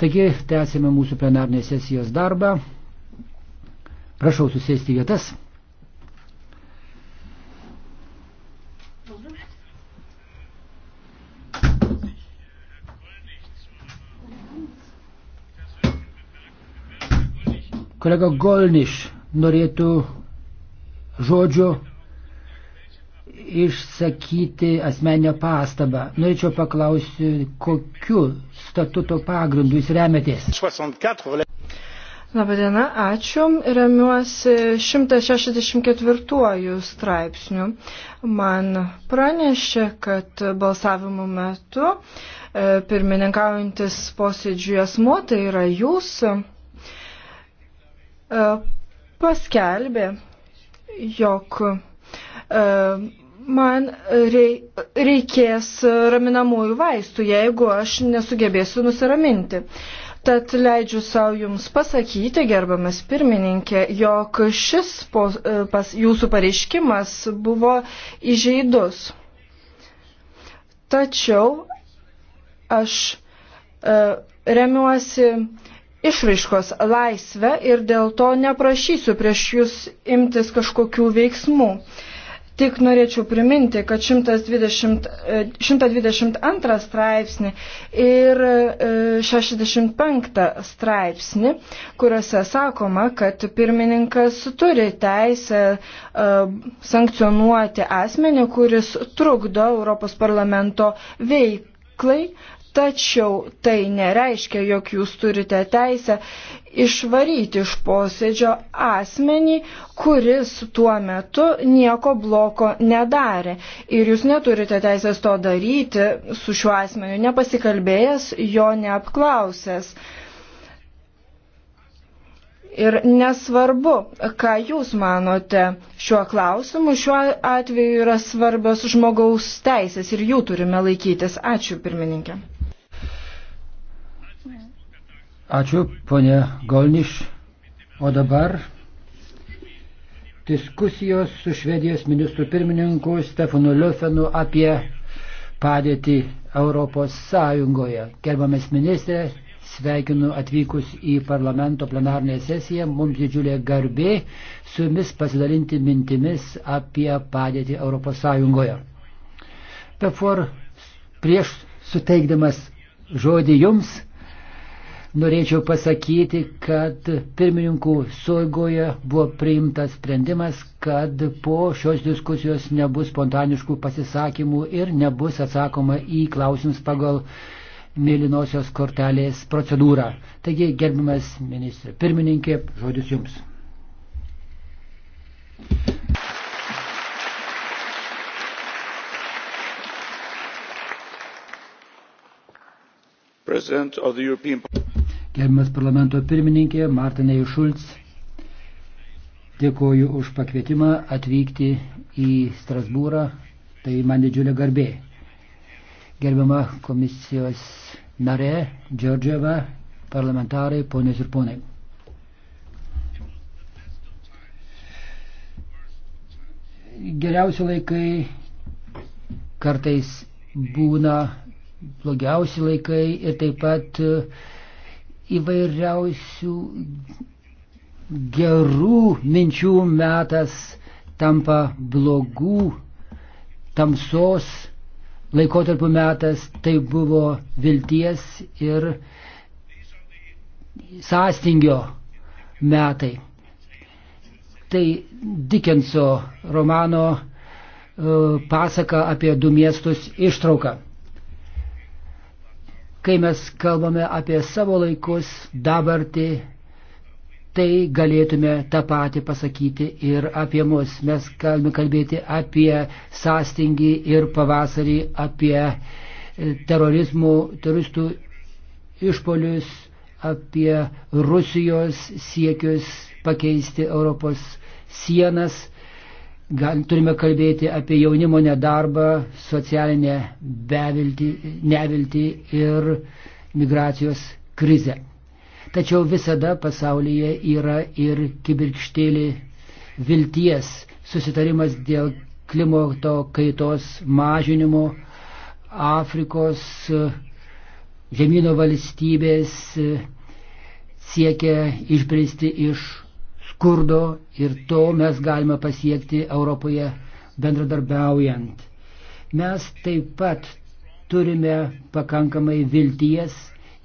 Taigi, tęsime mūsų plenarnės sesijos darbą. Prašau susėsti vietas. Kolega Golniš norėtų žodžio išsakyti asmenę pastabą. Norėčiau paklausti, kokiu statuto pagrindu jūs remiatės? Labadiena, ačiū. Remiuosi 164 straipsnių. Man pranešė, kad balsavimo metu e, pirmininkaujantis posėdžiui asmo, tai yra jūs, e, paskelbė, jog e, man reikės raminamųjų vaistų, jeigu aš nesugebėsiu nusiraminti. Tad leidžiu savo Jums pasakyti, gerbamas pirmininkė, jog šis po, e, pas, Jūsų pareiškimas buvo įžeidus. Tačiau aš e, remiuosi išraiškos laisvę ir dėl to neprašysiu prieš Jūs imtis kažkokių veiksmų. E, Tik norėčiau priminti, kad 120, 122 e, straipsnį ir 65 e, straipsnį, kuriuose sakoma, kad pirmininkas turi teisę e, sankcionuoti asmenį, kuris trukdo Europos parlamento veiklai Tačiau tai nereiškia, jog jūs turite teisę išvaryti iš posėdžio asmenį, kuris tuo metu nieko bloko nedarė. Ir jūs neturite teisės to daryti su šiuo asmeniu, nepasikalbėjęs, jo neapklausęs. Ir nesvarbu, ką Jūs manote šiuo klausimu, šiuo atveju yra svarbios žmogaus teisės ir jų turime laikytis. Ačiū, pirmininkė. Ačiū, ponė Golniš. O dabar diskusijos su Švedijos ministru pirmininku Stefanu Liufenu apie padėtį Europos Sąjungoje. Gerbamas ministrė, sveikinu atvykus į parlamento plenarnę sesiją. Mums didžiulė garbė su jumis pasidalinti mintimis apie padėtį Europos Sąjungoje. Befor, prieš suteikdamas žodį jums, norėčiau pasakyti, kad pirmininkų suigoje buvo priimtas sprendimas, kad po šios diskusijos nebus spontaniškų pasisakymų ir nebus atsakoma į klausimus pagal mėlynosios kortelės procedūrą. Taigi, gerbiamas ministrė pirmininkė, žodis jums. European... Gerbiamas parlamento pirmininkė Martinai Šulc, dėkoju už pakvietimą atvykti į Strasbūrą, tai man didžiulė garbė. Gerbiama komisijos narė Džordževa, parlamentarai, ponės ir ponai. Geriausi laikai kartais būna blogiausi laikai ir taip pat e, įvairiausių gerų minčių metas tampa blogų, tamsos laikotarpių metas, tai buvo vilties ir sąstingio metai. Tai Dickenso romano e, pasaka apie du miestus ištrauka. Kai mes kalbame apie savo laikus, dabartį, tai galėtume tą patį pasakyti ir apie mus. Mes galime kalbėti apie sąstingį ir pavasarį, apie e, teroristų išpolius, apie Rusijos siekius pakeisti Europos sienas Gal, turime kalbėti apie jaunimo nedarbą, socialinę beviltį, neviltį ir migracijos krizę. Tačiau visada pasaulyje yra ir kibirkštėlį vilties susitarimas dėl klimato kaitos mažinimo, Afrikos žemynų valstybės siekia išbristi iš skurdo ir to mes galime pasiekti Europoje bendradarbiaujant. Mes taip pat turime pakankamai vilties,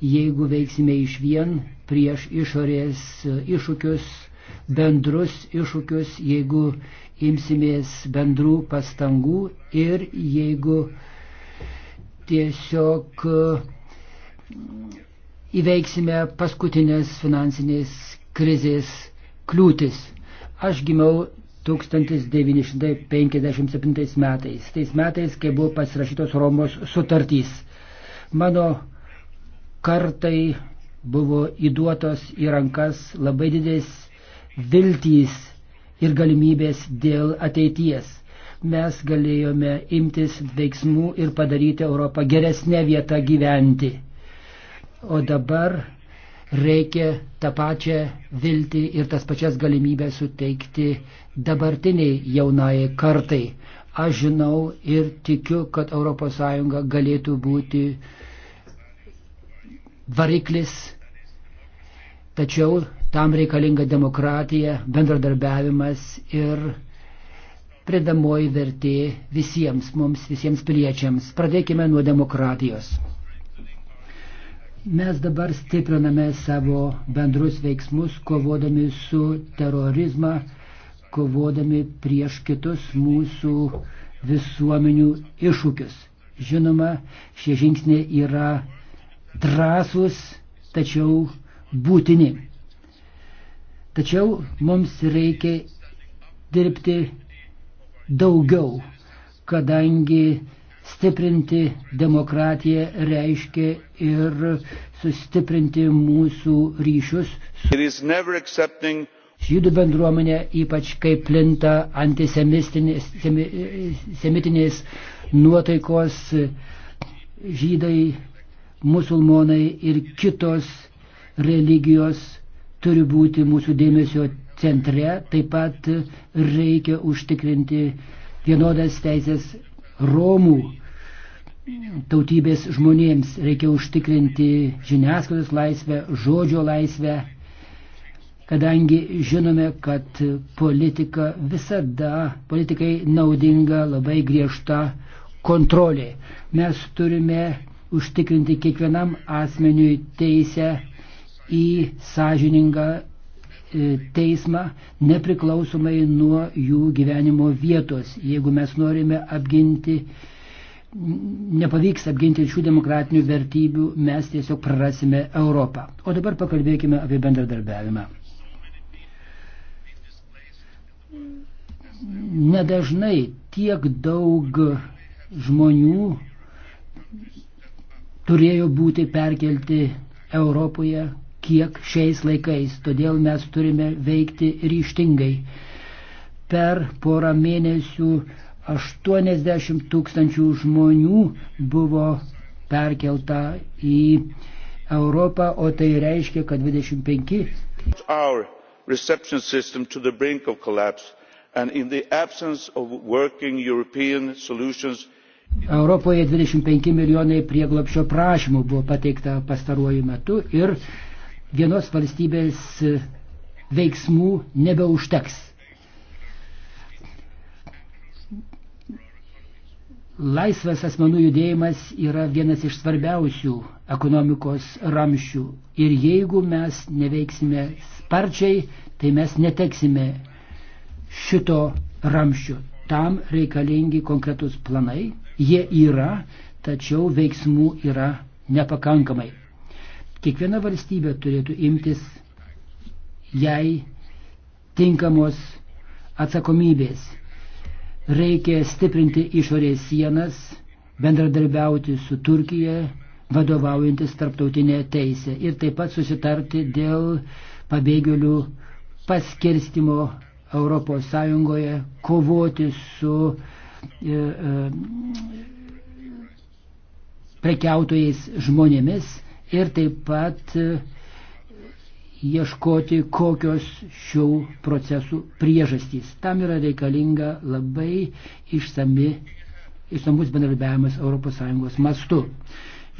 jeigu veiksime iš vien prieš išorės iššūkius, bendrus iššūkius, jeigu imsimės bendrų pastangų ir jeigu tiesiog e, įveiksime paskutinės finansinės krizės kliūtis. Aš gimiau 1957 metais, tais metais, kai buvo pasirašytos Romos sutartys. Mano kartai buvo įduotos į rankas labai didelis viltys ir galimybės dėl ateities. Mes galėjome imtis veiksmų ir padaryti Europą geresnę vietą gyventi. O dabar reikia tą pačią viltį ir tas pačias galimybės suteikti dabartiniai jaunai kartai. Aš žinau ir tikiu, kad ES galėtų būti variklis, tačiau tam reikalinga demokratija, bendradarbiavimas ir pridamoji vertė visiems mums, visiems piliečiams. Pradėkime nuo demokratijos. Mes dabar stipriname savo bendrus veiksmus, kovodami su terorizma, kovodami prieš kitus mūsų visuomenių iššūkius. Žinoma, šie žingsniai yra drąsūs, tačiau būtini. Tačiau mums reikia dirbti daugiau, kadangi stiprinti demokratiją reiškia ir sustiprinti mūsų ryšius su žydų bendruomenė, ypač kaip plinta antisemitinės nuotaikos žydai, musulmonai ir kitos religijos turi būti mūsų dėmesio centre. Taip pat reikia užtikrinti vienodas teisės Romų tautybės žmonėms. Reikia užtikrinti žiniasklaidos laisvę, žodžio laisvę, kadangi žinome, kad politika visada, politikai naudinga labai griežta kontrolė. Mes turime užtikrinti kiekvienam asmeniui teisę į sąžiningą e, teismą nepriklausomai nuo jų gyvenimo vietos. Jeigu mes norime apginti nepavyks apginti šių demokratinių vertybių, mes tiesiog prarasime Europą. O dabar pakalbėkime apie bendradarbiavimą. Nedažnai tiek daug žmonių turėjo būti perkelti Europoje, kiek šiais laikais. Todėl mes turime veikti ryštingai. Per porą mėnesių 80 tūkstančių žmonių buvo perkelta į Europą, o tai reiškia, kad 25. Our reception system to the brink of collapse and in the absence of working European solutions. Europoje 25 milijonai prieglopšio prašymų buvo pateikta pastaruoju metu ir vienos valstybės veiksmų nebeužteks. Laisvas asmenų judėjimas yra vienas iš svarbiausių ekonomikos ramščių ir jeigu mes neveiksime sparčiai, tai mes neteksime šito ramščio. Tam reikalingi konkretus planai, jie yra, tačiau veiksmų yra nepakankamai. Kiekviena valstybė turėtų imtis jai tinkamos atsakomybės Reikia stiprinti išorės sienas, bendradarbiauti su Turkija, vadovaujantis tarptautinė teisė ir taip pat susitarti dėl pabėgėlių paskirstimo ES, kovoti su e, e, prekiautojais žmonėmis ir taip pat e, ieškoti, kokios šių procesų priežastys. Tam yra reikalinga labai išsami, išsamus bendradarbiavimas ES mastu.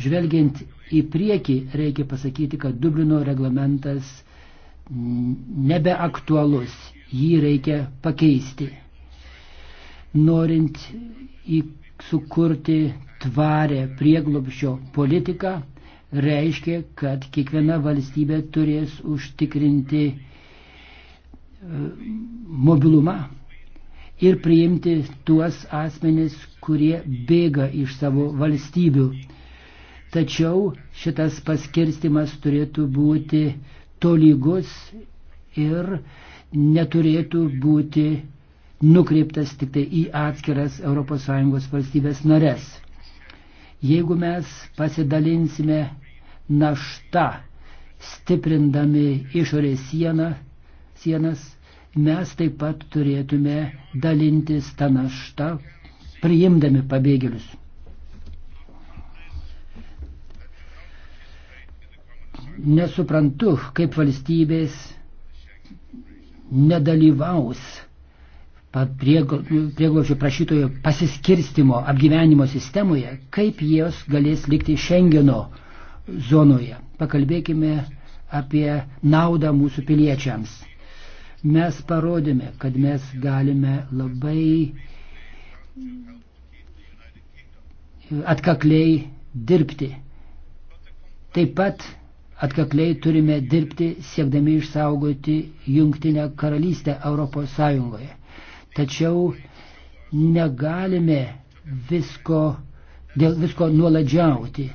Žvelgiant į priekį, reikia pasakyti, kad Dublino reglamentas nebeaktualus, jį reikia pakeisti. Norint į sukurti tvarę prieglobščio politiką, reiškia, kad kiekviena valstybė turės užtikrinti e, mobilumą ir priimti tuos asmenis, kurie bėga iš savo valstybių. Tačiau šitas paskirstimas turėtų būti tolygus ir neturėtų būti nukreiptas tik tai į atskiras ES valstybės nares. Jeigu mes pasidalinsime našta. Stiprindami išorės sieną, sienas, mes taip pat turėtume dalintis tą naštą, priimdami pabėgėlius. Nesuprantu, kaip valstybės nedalyvaus prieglobčio prašytojų pasiskirstimo apgyvenimo sistemoje, kaip jos galės likti Šengeno zonoje. Pakalbėkime apie naudą mūsų piliečiams. Mes parodėme, kad mes galime labai atkakliai dirbti. Taip pat atkakliai turime dirbti siekdami išsaugoti jungtinę karalystę Europos Sąjungoje. Tačiau negalime visko, dėl visko nuoladžiauti.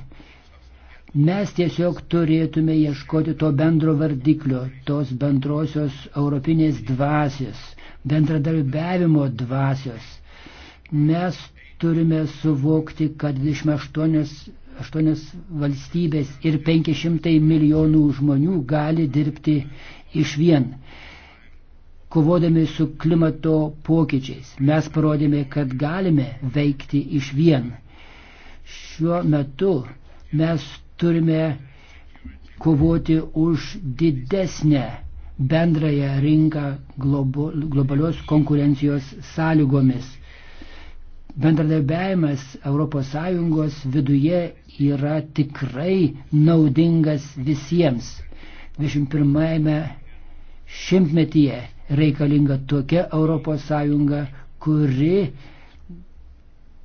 Mes tiesiog turėtume ieškoti to bendro vardiklio, tos bendrosios europinės dvasios, bendradarbiavimo dvasios. Mes turime suvokti, kad 28 aštuonios valstybės ir 500 milijonų žmonių gali dirbti iš vien. Kovodami su klimato pokyčiais mes parodėme, kad galime veikti iš vien. Šiuo metu mes turime kovoti už didesnę bendrąją rinką globalios konkurencijos sąlygomis. Bendradarbiavimas ES viduje yra tikrai naudingas visiems. 21-ame šimtmetyje reikalinga tokia ES, kuri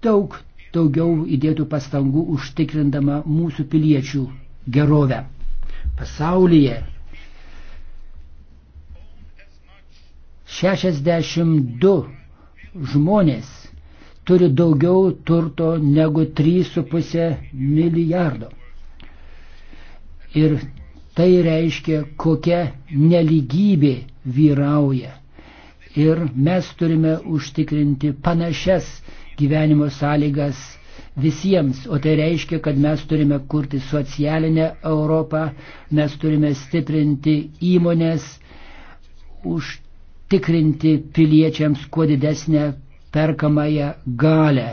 daug daugiau įdėtų pastangų užtikrindama mūsų piliečių gerovę pasaulyje. 62 žmonės turi daugiau turto negu 3,5 milijardo. Ir tai reiškia, kokia neligybė vyrauja. Ir mes turime užtikrinti panašias gyvenimo sąlygas visiems, o tai reiškia, kad mes turime kurti socialinę Europą, mes turime stiprinti įmonės, užtikrinti piliečiams kuo didesnę perkamąją galę.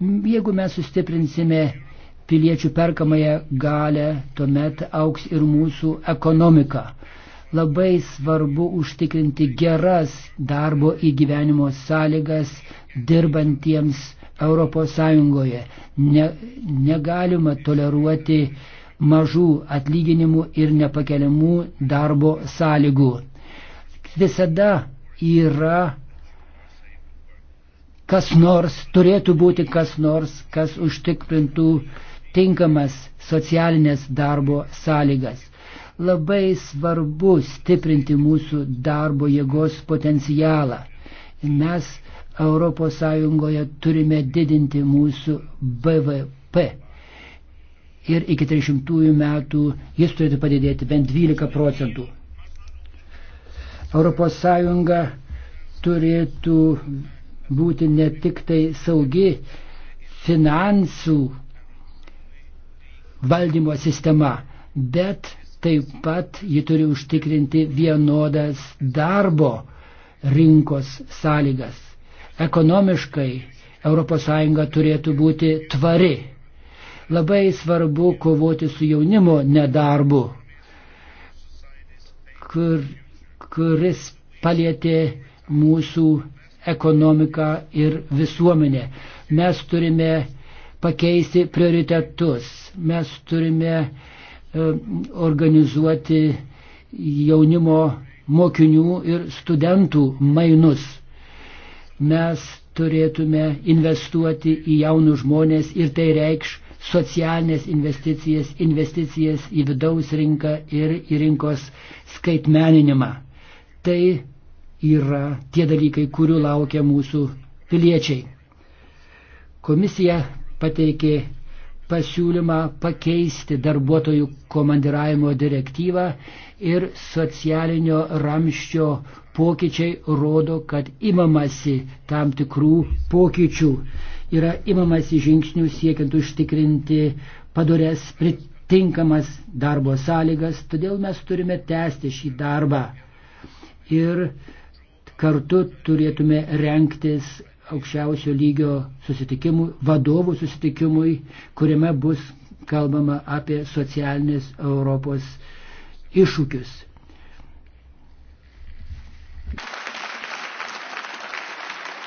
Jeigu mes sustiprinsime piliečių perkamąją galę, tuomet auks ir mūsų ekonomika. Labai svarbu užtikrinti geras darbo įgyvenimo sąlygas, dirbantiems ES. Ne, negalima toleruoti mažų atlyginimų ir nepakeliamų darbo sąlygų. Visada yra kas nors, turėtų būti kas nors, kas užtikrintų tinkamas socialinės darbo sąlygas. Labai svarbu stiprinti mūsų darbo jėgos potencialą. Mes ES turime didinti mūsų BVP. Ir iki 30 metų jis turėtų padidėti bent 12 procentų. ES turėtų būti ne tik tai saugi finansų valdymo sistema, bet taip pat ji turi užtikrinti vienodas darbo rinkos sąlygas. Ekonomiškai ES turėtų būti tvari. Labai svarbu kovoti su jaunimo nedarbu, kur, kuris palietė mūsų ekonomiką ir visuomenę. Mes turime pakeisti prioritetus, mes turime e, organizuoti jaunimo mokinių ir studentų mainus mes turėtume investuoti į jaunus žmonės ir tai reikš socialinės investicijas, investicijas į vidaus rinką ir į rinkos skaitmeninimą. Tai yra tie dalykai, kurių laukia mūsų piliečiai. Komisija pateikė pasiūlymą pakeisti darbuotojų komandiravimo direktyvą ir socialinio ramščio pokyčiai rodo, kad imamasi tam tikrų pokyčių. Yra imamasi žingsnių siekiant užtikrinti padorės pritinkamas darbo sąlygas, todėl mes turime tęsti šį darbą. Ir kartu turėtume renktis aukščiausio lygio susitikimui, vadovų susitikimui, kuriame bus kalbama apie socialinės Europos iššūkius.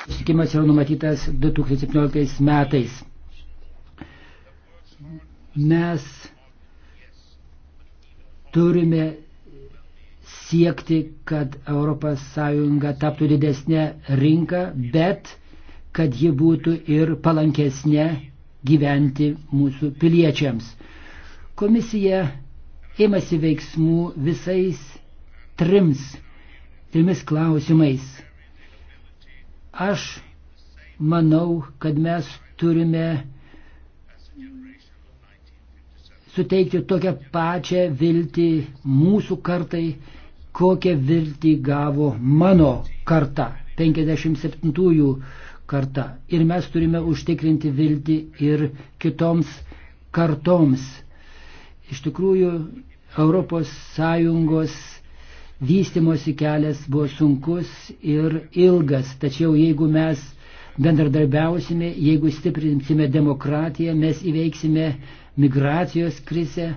Susikimas yra numatytas 2017 metais. Mes turime siekti, kad ES taptų didesnė rinka, bet kad ji būtų ir palankesnė gyventi mūsų piliečiams. Komisija ėmasi veiksmų visais trims, trimis klausimais. Aš manau, kad mes turime suteikti tokią pačią viltį mūsų kartai, kokią viltį gavo mano karta, 57-ųjų karta. Ir mes turime užtikrinti viltį ir kitoms kartoms. Iš tikrųjų, Europos Sąjungos vystimosi kelias buvo sunkus ir ilgas, tačiau jeigu mes bendradarbiausime, jeigu stiprinsime demokratiją, mes įveiksime migracijos krizę,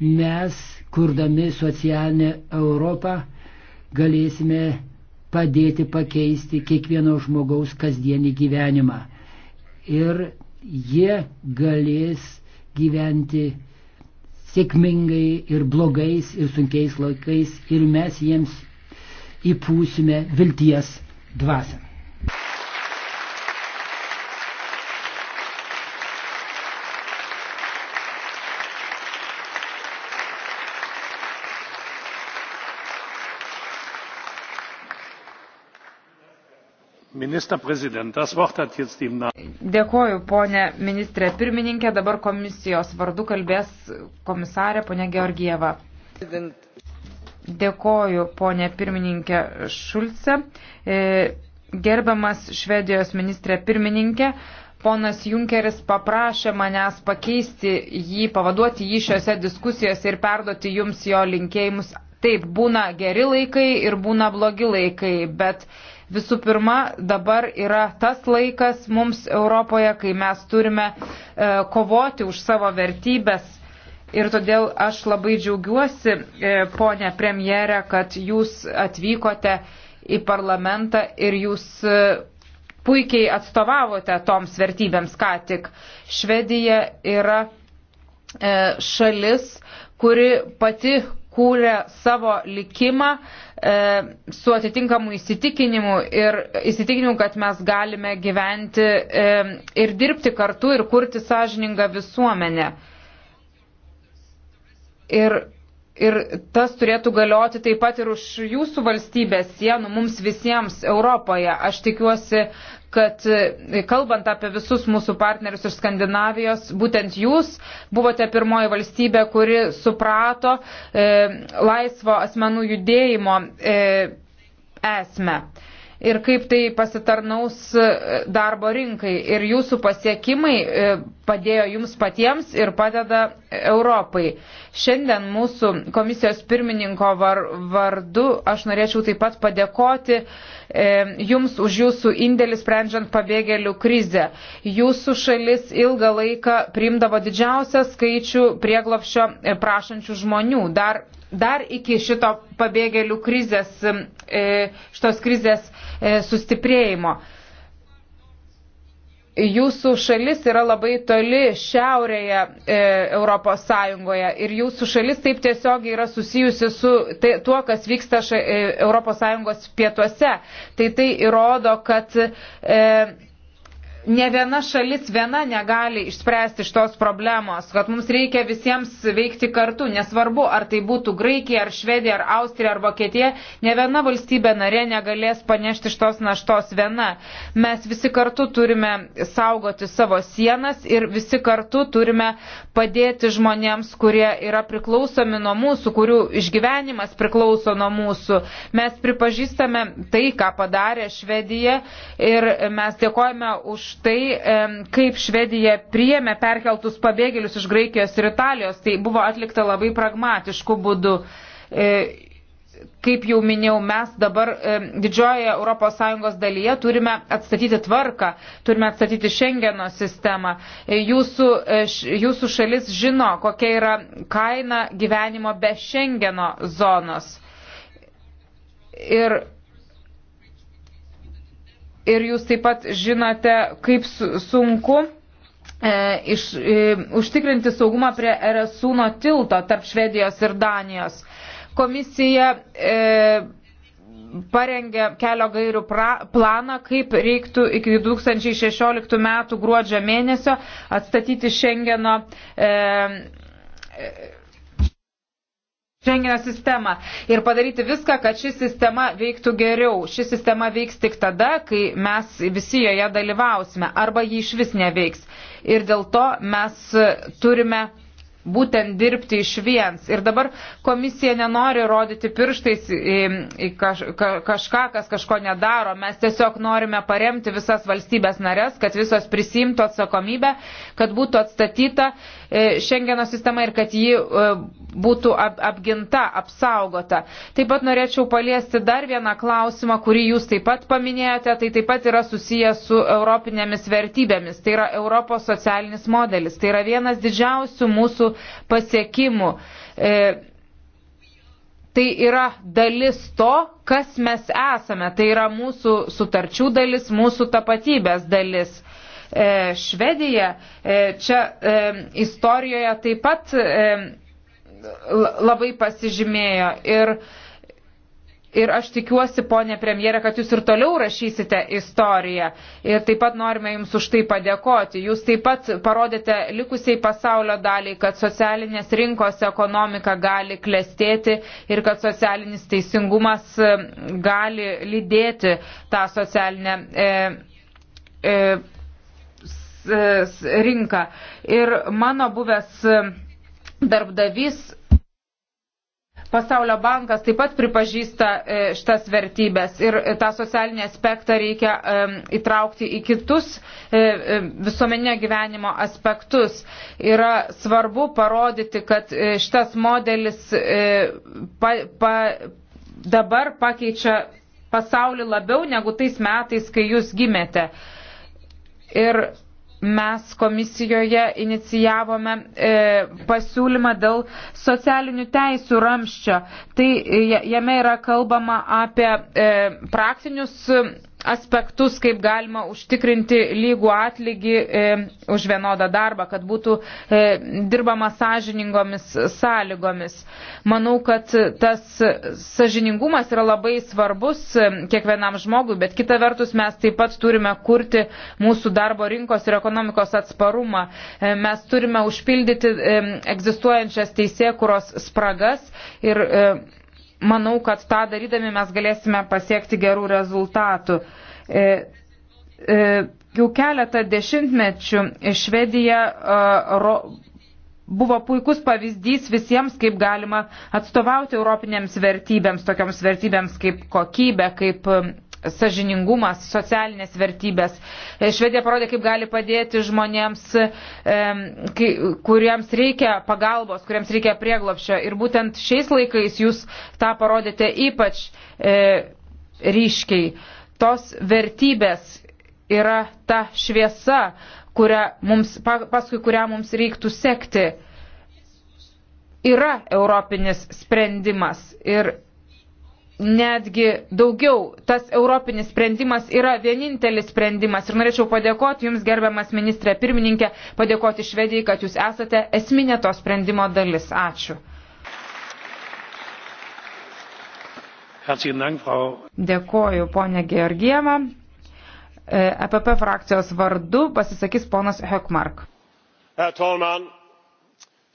mes, kurdami socialinę Europą, galėsime padėti pakeisti kiekvieno žmogaus kasdienį gyvenimą. Ir jie galės gyventi sėkmingai ir blogais ir sunkiais laikais ir mes jiems įpūsime vilties dvasę. Dėkoju, ponė ministrė pirmininkė. Dabar komisijos vardu kalbės komisarė ponė Georgieva. Dėkoju, ponė pirmininkė Šulce. E, gerbiamas Švedijos ministrė pirmininkė, ponas Junkeris paprašė manęs pakeisti jį, pavaduoti jį šiuose diskusijose ir perduoti jums jo linkėjimus. Taip, būna geri laikai ir būna blogi laikai, bet Visų pirma, dabar yra tas laikas mums Europoje, kai mes turime e, kovoti už savo vertybės. Ir todėl aš labai džiaugiuosi, e, ponė premjerė, kad jūs atvykote į parlamentą ir jūs e, puikiai atstovavote toms vertybėms ką tik. Švedija yra e, šalis, kuri pati kūrė savo likimą e, su atitinkamu įsitikinimu ir įsitikinimu, kad mes galime gyventi e, ir dirbti kartu ir kurti sąžiningą visuomenę. Ir Ir tas turėtų galioti taip pat ir už jūsų valstybės sienų mums visiems Europoje. Aš tikiuosi, kad e, kalbant apie visus mūsų partnerius iš Skandinavijos, būtent jūs buvote pirmoji valstybė, kuri suprato e, laisvo asmenų judėjimo e, esmę. E, ir kaip tai pasitarnaus e, darbo rinkai. Ir jūsų pasiekimai e, padėjo jums patiems ir padeda Europai. Šiandien mūsų komisijos pirmininko var, vardu aš norėčiau taip pat padėkoti e, jums už jūsų indėlį sprendžiant pabėgėlių krizę. Jūsų šalis ilgą laiką priimdavo didžiausią skaičių prieglopščio e, prašančių žmonių. Dar, dar iki šito pabėgėlių krizės, e, šitos krizės E, sustiprėjimo jūsų šalis yra labai toli šiaurėje e, Europos Sąjungoje ir jūsų šalis taip tiesiogiai yra susijusi su tai, tuo, kas vyksta ša, e, Europos Sąjungos pietuose. Tai tai įrodo, kad e, ne viena šalis viena negali išspręsti šitos problemos, kad mums reikia visiems veikti kartu, nesvarbu, ar tai būtų Graikija, ar Švedija, ar Austrija, ar Vokietija, ne viena valstybė narė negalės panešti šitos naštos viena. Mes visi kartu turime saugoti savo sienas ir visi kartu turime padėti žmonėms, kurie yra priklausomi nuo mūsų, kurių išgyvenimas priklauso nuo mūsų. Mes pripažįstame tai, ką padarė Švedija ir mes dėkojame už už tai, kaip Švedija priėmė perkeltus pabėgėlius iš Graikijos ir Italijos. Tai buvo atlikta labai pragmatišku būdu e, kaip jau minėjau, mes dabar didžioje ES dalyje turime atstatyti tvarką, turime atstatyti Schengeno sistemą. E, jūsų, e, jūsų šalis žino, kokia yra kaina gyvenimo be Schengeno zonos. Ir ir jūs taip pat žinote, kaip sunku e, iš, e, užtikrinti saugumą prie Eresūno tilto tarp Švedijos ir Danijos. Komisija e, parengė kelio gairių pra, planą, kaip reiktų iki 2016 metų gruodžio mėnesio atstatyti Šengeno e, e, Šengeno sistemą ir padaryti viską, kad ši sistema veiktų geriau. Ši sistema veiks tik tada, kai mes visi joje dalyvausime arba ji iš vis neveiks. Ir dėl to mes turime būtent dirbti iš viens. Ir dabar komisija nenori rodyti pirštais į, į kaž, ka, kažką, kas kažko nedaro. Mes tiesiog norime paremti visas valstybės narės, kad visos prisimtų atsakomybę, kad būtų atstatyta e, Šengeno sistema ir kad ji e, būtų ap, apginta, apsaugota. Taip pat norėčiau paliesti dar vieną klausimą, kurį jūs taip pat paminėjote, tai taip pat yra susijęs su europinėmis vertybėmis. Tai yra Europos socialinis modelis. Tai yra vienas didžiausių mūsų pasiekimų. E, tai yra dalis to, kas mes esame. Tai yra mūsų sutarčių dalis, mūsų tapatybės dalis. E, Švedija e, čia e, istorijoje taip pat e, labai pasižymėjo. Ir, ir aš tikiuosi, ponė premjerė, kad jūs ir toliau rašysite istoriją. Ir taip pat norime jums už tai padėkoti. Jūs taip pat parodėte likusiai pasaulio daliai, kad socialinės rinkos ekonomika gali klestėti ir kad socialinis teisingumas e, gali lydėti tą socialinę. E, e, e rinką. Ir mano buvęs darbdavys Pasaulio bankas taip pat pripažįsta e, šitas vertybės ir tą socialinį aspektą reikia e, įtraukti į kitus e, visuomeninio gyvenimo aspektus. Yra svarbu parodyti, kad šitas modelis pa, pa, dabar pakeičia pasaulį labiau negu tais metais, kai jūs gimėte. Ir mes komisijoje inicijavome e, pasiūlymą dėl socialinių teisų ramščio. Tai e, jame yra kalbama apie e, praktinius aspektus, kaip galima užtikrinti lygų atlygį e, už vienodą darbą, kad būtų e, dirbama sąžiningomis sąlygomis. Manau, kad tas sąžiningumas yra labai svarbus e, kiekvienam žmogui, bet kita vertus mes taip pat turime kurti mūsų darbo rinkos ir ekonomikos atsparumą. E, mes turime užpildyti e, egzistuojančias teisėkuros spragas ir e, manau, kad tą darydami mes galėsime pasiekti gerų rezultatų. E, e, jau keletą dešimtmečių Švedija e, ro, buvo puikus pavyzdys visiems, kaip galima atstovauti europinėms vertybėms, tokioms vertybėms kaip kokybė, kaip sažiningumas, socialinės vertybės. E, Švedija parodė, kaip gali padėti žmonėms, e, kuriems reikia pagalbos, kuriems reikia prieglopščio. Ir būtent šiais laikais jūs tą parodėte ypač e, ryškiai. Tos vertybės yra ta šviesa, kurią mums, paskui kurią mums reiktų sekti. Yra europinis sprendimas ir netgi daugiau. Tas europinis sprendimas yra vienintelis sprendimas. Ir norėčiau padėkoti Jums, gerbiamas ministrė pirmininkė, padėkoti Švedijai, kad Jūs esate esminė to sprendimo dalis. Ačiū. Dėkoju, ponė Georgieva. EPP e frakcijos vardu pasisakys ponas Hökmark. Herr talman,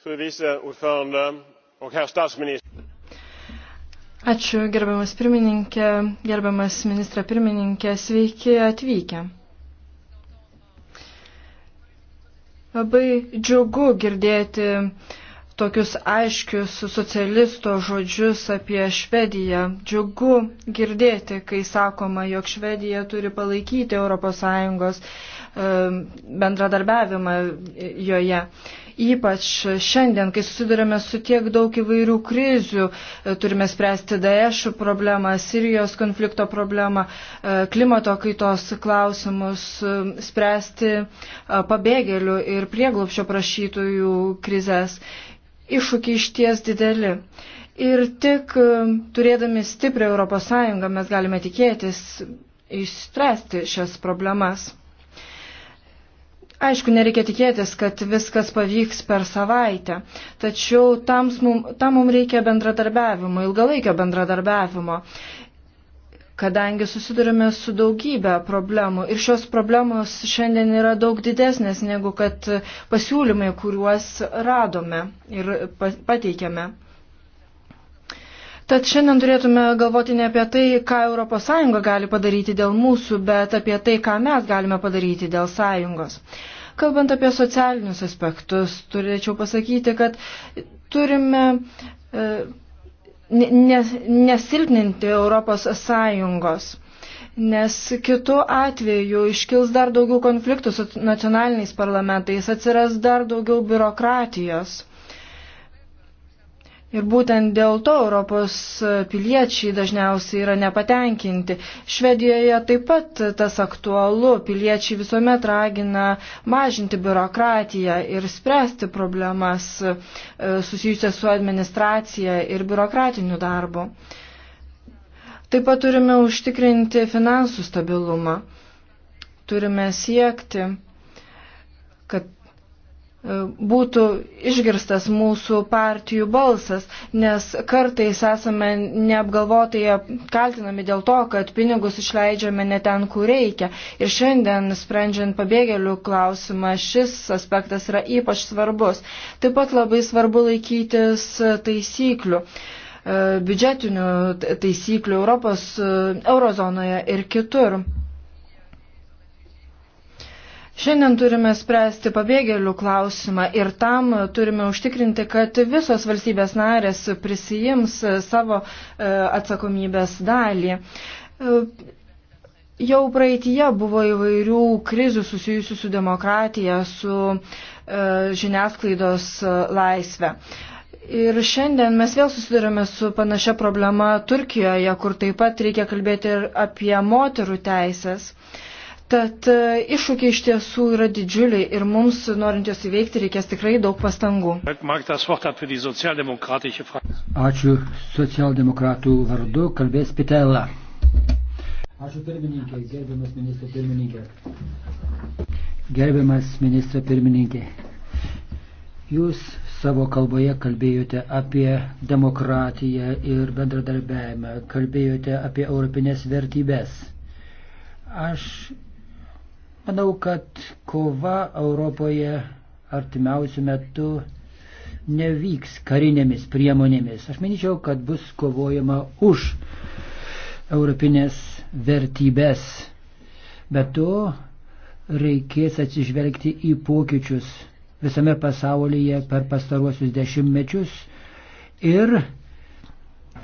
fru vice ordförande och herr statsminister. Ačiū, gerbiamas pirmininkė, gerbiamas ministra pirmininkė, sveiki atvykę. Labai džiugu girdėti tokius aiškius socialisto žodžius apie Švediją. Džiugu girdėti, kai sakoma, jog Švedija turi palaikyti ES ehm, bendradarbiavimą joje. Ypač šiandien, kai susidurėme su tiek daug įvairių krizių, e, turime spręsti Daešų problemą, Sirijos konflikto problemą, e, klimato kaitos klausimus, e, spręsti pabėgėlių ir prieglopšio prašytojų krizės. Iššūkiai išties dideli. Ir tik turėdami stiprią ES mes galime tikėtis išspręsti šias problemas. Aišku, nereikia tikėtis, kad viskas pavyks per savaitę, tačiau tam mums mum reikia bendradarbiavimo, ilgalaikio bendradarbiavimo, kadangi susidurime su daugybė problemų ir šios problemos šiandien yra daug didesnės negu kad pasiūlymai, kuriuos radome ir pateikėme. Tad šiandien turėtume galvoti ne apie tai, ką ES gali padaryti dėl mūsų, bet apie tai, ką mes galime padaryti dėl sąjungos. Kalbant apie socialinius aspektus, turėčiau pasakyti, kad turime e, nes, nesilpninti Europos Sąjungos nes kitu atveju iškils dar daugiau konfliktų su nacionaliniais parlamentais, atsiras dar daugiau biurokratijos. Ir būtent dėl to Europos piliečiai dažniausiai yra nepatenkinti. Švedijoje taip pat tas aktualu. Piliečiai visuomet ragina mažinti biurokratiją ir spręsti problemas e, susijusias su administracija ir biurokratiniu darbu. Taip pat turime užtikrinti finansų stabilumą. Turime siekti būtų išgirstas mūsų partijų balsas, nes kartais esame neapgalvotai kaltinami dėl to, kad pinigus išleidžiame ne ten, kur reikia. Ir šiandien, sprendžiant pabėgėlių klausimą, šis aspektas yra ypač svarbus. Taip pat labai svarbu laikytis taisyklių biudžetinių taisyklių Europos eurozonoje ir kitur. Šiandien turime spręsti pabėgėlių klausimą ir tam turime užtikrinti, kad visos valstybės narės prisijims savo e, atsakomybės dalį. E, jau praeitie buvo įvairių krizių susijusių su demokratija, su e, žiniasklaidos laisvė. Ir šiandien mes vėl susidurime su panašia problema Turkijoje, kur taip pat reikia kalbėti ir apie moterų teisės. Uh, Tad e, iššūkiai iš tiesų yra didžiuliai ir mums, norint juos įveikti, reikės tikrai daug pastangų. Ačiū socialdemokratų vardu, kalbės Pitela. Ačiū pirmininkė, gerbiamas ministrė pirmininkė. Gerbiamas ministrė pirmininkė, jūs savo kalboje kalbėjote apie demokratiją ir bendradarbiavimą, kalbėjote apie europinės vertybės. Aš Manau, kad kova Europoje artimiausių metų nevyks karinėmis priemonėmis. Aš manyčiau, kad bus kovojama už europinės vertybės. Bet to reikės atsižvelgti į pokyčius visame pasaulyje per pastaruosius dešimtmečius ir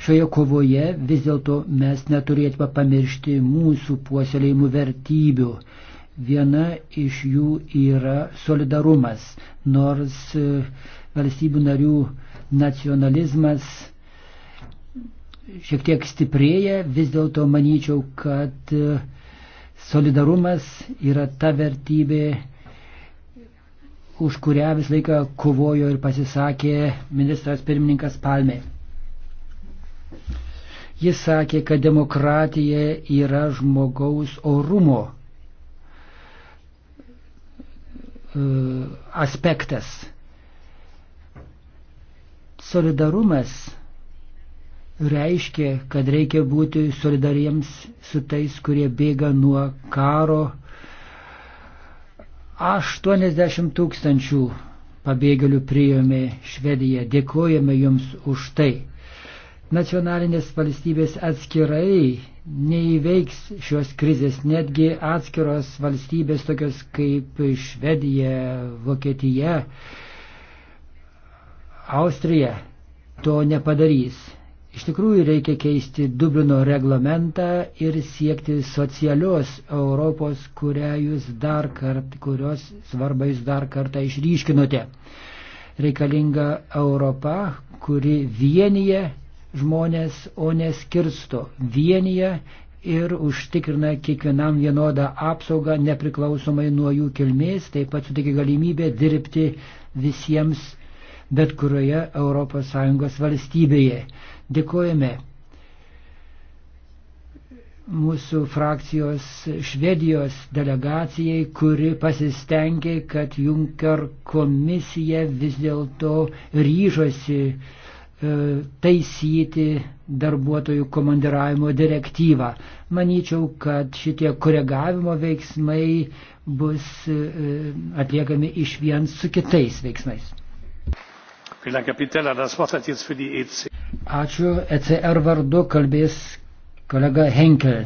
šioje kovoje vis dėlto mes neturėtume pamiršti mūsų puoselėjimų vertybių Viena iš jų yra solidarumas, nors e, valstybių narių nacionalizmas šiek tiek stiprėja, vis dėlto manyčiau, kad e, solidarumas yra ta vertybė, už kurią visą laiką kovojo ir pasisakė ministras pirmininkas Palmė. Jis sakė, kad demokratija yra žmogaus orumo Mm, aspektas. Solidarumas reiškia, kad reikia būti solidariems su tais, kurie bėga nuo karo. 80 tūkstančių pabėgėlių priėmė Švedija. Dėkojame jums už tai. Nacionalinės valstybės atskirai neįveiks šios krizės. Netgi atskiros valstybės, tokios kaip Švedija, Vokietija, Austrija, to nepadarys. Iš tikrųjų reikia keisti Dublino reglamentą ir siekti socialios Europos, jūs kart, kurios svarbą jūs dar kartą išryškinote. Reikalinga Europa, kuri vienyje žmonės, o neskirsto vienyje ir užtikrina kiekvienam vienodą apsaugą nepriklausomai nuo jų kilmės, taip pat suteikia galimybę dirbti visiems bet kurioje ES valstybėje. Dėkojame mūsų frakcijos Švedijos delegacijai, kuri pasistengė, kad Junker komisija vis dėlto ryžosi E, taisyti darbuotojų komandiravimo direktyvą. Manyčiau, kad šitie koregavimo veiksmai bus e, atliekami iš vien su kitais veiksmais. E Ačiū. ECR vardu kalbės kolega Henkel.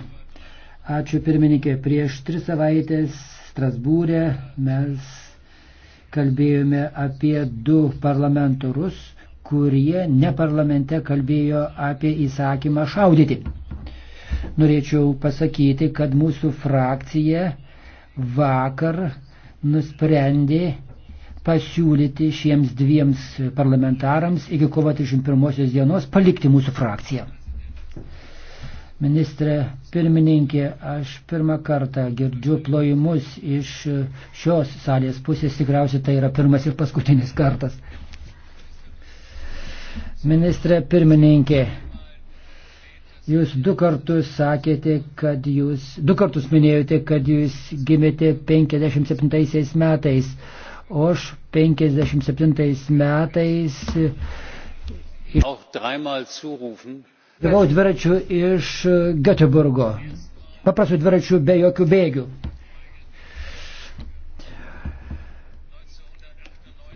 Ačiū pirmininkė. Prieš tris savaitės Strasbūrė mes kalbėjome apie du parlamentarus kurie ne parlamente kalbėjo apie įsakymą šaudyti. Norėčiau pasakyti, kad mūsų frakcija vakar nusprendė pasiūlyti šiems dviems parlamentarams iki kovo 31 dienos palikti mūsų frakciją. Ministrė pirmininkė, aš pirmą kartą girdžiu plojimus iš šios salės pusės, tikriausiai tai yra pirmas ir paskutinis kartas. Ministrė pirmininkė, jūs du kartus sakėte, kad jūs, du kartus minėjote, kad jūs gimėte 57 metais, o aš 57 metais. Gavau dviračių iš Göteborgo. Paprastų dviračių be jokių bėgių.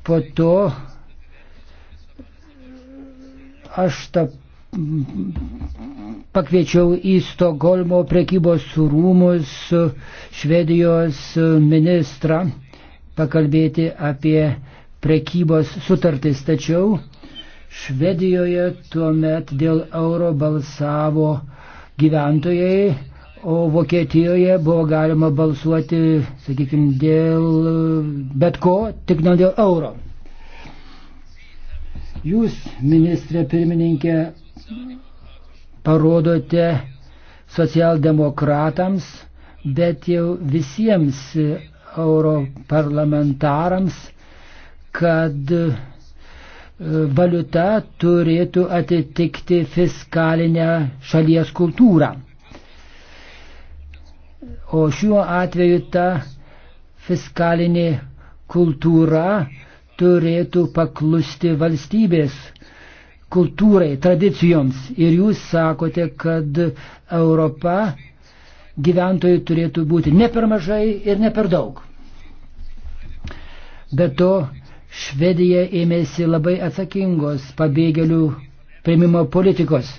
Po to aš tą pakviečiau į Stokholmo prekybos rūmus Švedijos ministrą pakalbėti apie prekybos sutartis. Tačiau Švedijoje tuomet dėl euro balsavo gyventojai, o Vokietijoje buvo galima balsuoti, sakykime, dėl bet ko, tik ne dėl euro. Jūs, ministrė pirmininkė, parodote socialdemokratams, bet jau visiems europarlamentarams, kad e, valiuta turėtų atitikti fiskalinę šalies kultūrą. O šiuo atveju ta fiskalinė kultūra turėtų paklusti valstybės kultūrai, tradicijoms. Ir jūs sakote, kad Europa gyventojų turėtų būti ne per mažai ir ne per daug. Be to, Švedija ėmėsi labai atsakingos pabėgėlių primimo politikos.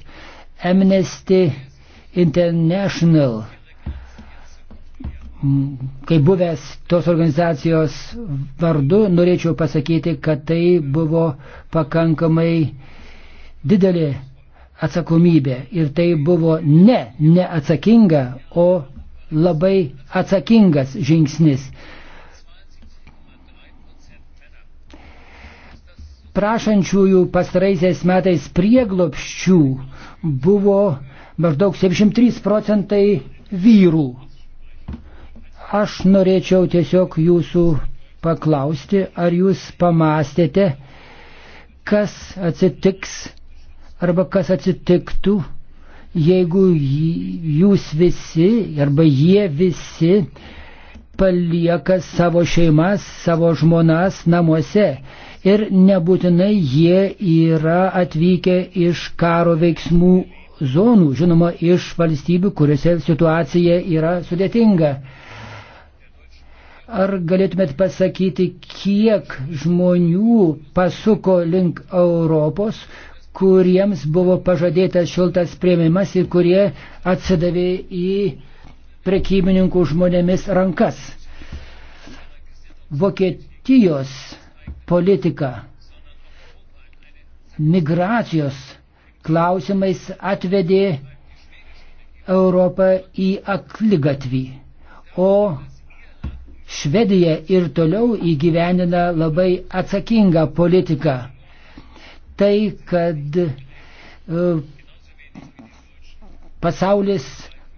Amnesty International kaip buvęs tos organizacijos vardu, norėčiau pasakyti, kad tai buvo pakankamai didelė atsakomybė ir tai buvo ne neatsakinga, o labai atsakingas žingsnis. Prašančiųjų pastaraisiais metais prieglopščių buvo maždaug 73 procentai vyrų Aš norėčiau tiesiog jūsų paklausti, ar jūs pamastėte, kas atsitiks arba kas atsitiktų, jeigu jūs visi arba jie visi palieka savo šeimas, savo žmonas namuose. Ir nebūtinai jie yra atvykę iš karo veiksmų zonų, žinoma, iš valstybių, kuriuose situacija yra sudėtinga. Ar galėtumėt pasakyti, kiek žmonių pasuko link Europos, kuriems buvo pažadėtas šiltas prieimimas ir kurie atsidavė į prekybininkų žmonėmis rankas? Vokietijos politika migracijos klausimais atvedė Europą į akligatvį, o Švedija ir toliau įgyvenina labai atsakingą politiką. Tai, kad e, pasaulis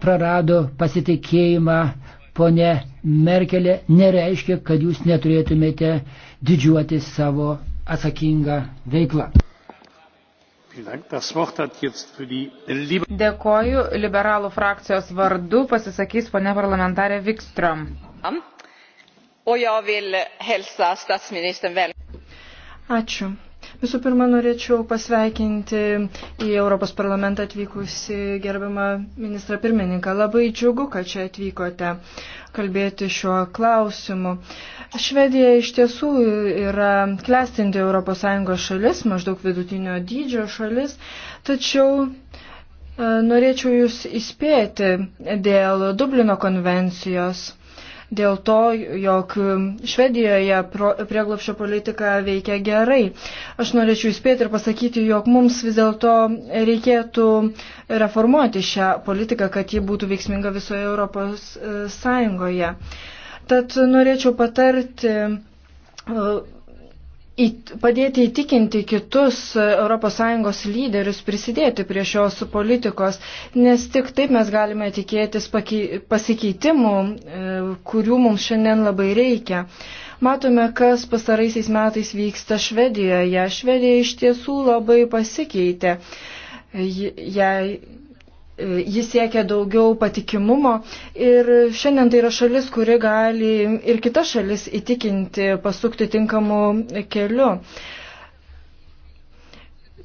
prarado pasitikėjimą ponė Merkelė, nereiškia, kad jūs neturėtumėte didžiuotis savo atsakingą veiklą. Dėkoju liberalų frakcijos vardu, pasisakys ponė parlamentarė Vikstrom o jag vill hälsa statsministern välkommen. Ačiū. Visų pirma, norėčiau pasveikinti į Europos parlamentą atvykusi gerbimą ministrą pirmininką. Labai džiugu, kad čia atvykote kalbėti šiuo klausimu. Švedija iš tiesų yra klestinti ES šalis, maždaug vidutinio dydžio šalis, tačiau e, norėčiau Jūs įspėti dėl Dublino konvencijos dėl to, jog Švedijoje prieglopšio politika veikia gerai. Aš norėčiau įspėti ir pasakyti, jog mums vis dėlto reikėtų reformuoti šią politiką, kad ji būtų veiksminga visoje Europos e, Sąjungoje. Tad norėčiau patarti e, padėti įtikinti kitus ES lyderius prisidėti prie šios politikos, nes tik taip mes galime tikėtis pasikeitimų, e, kurių mums šiandien labai reikia. Matome, kas pastaraisiais metais vyksta Švedijoje. Švedija iš tiesų labai pasikeitė. Jei E, jis siekia daugiau patikimumo ir šiandien tai yra šalis, kuri gali ir kitas šalis įtikinti pasukti tinkamu keliu.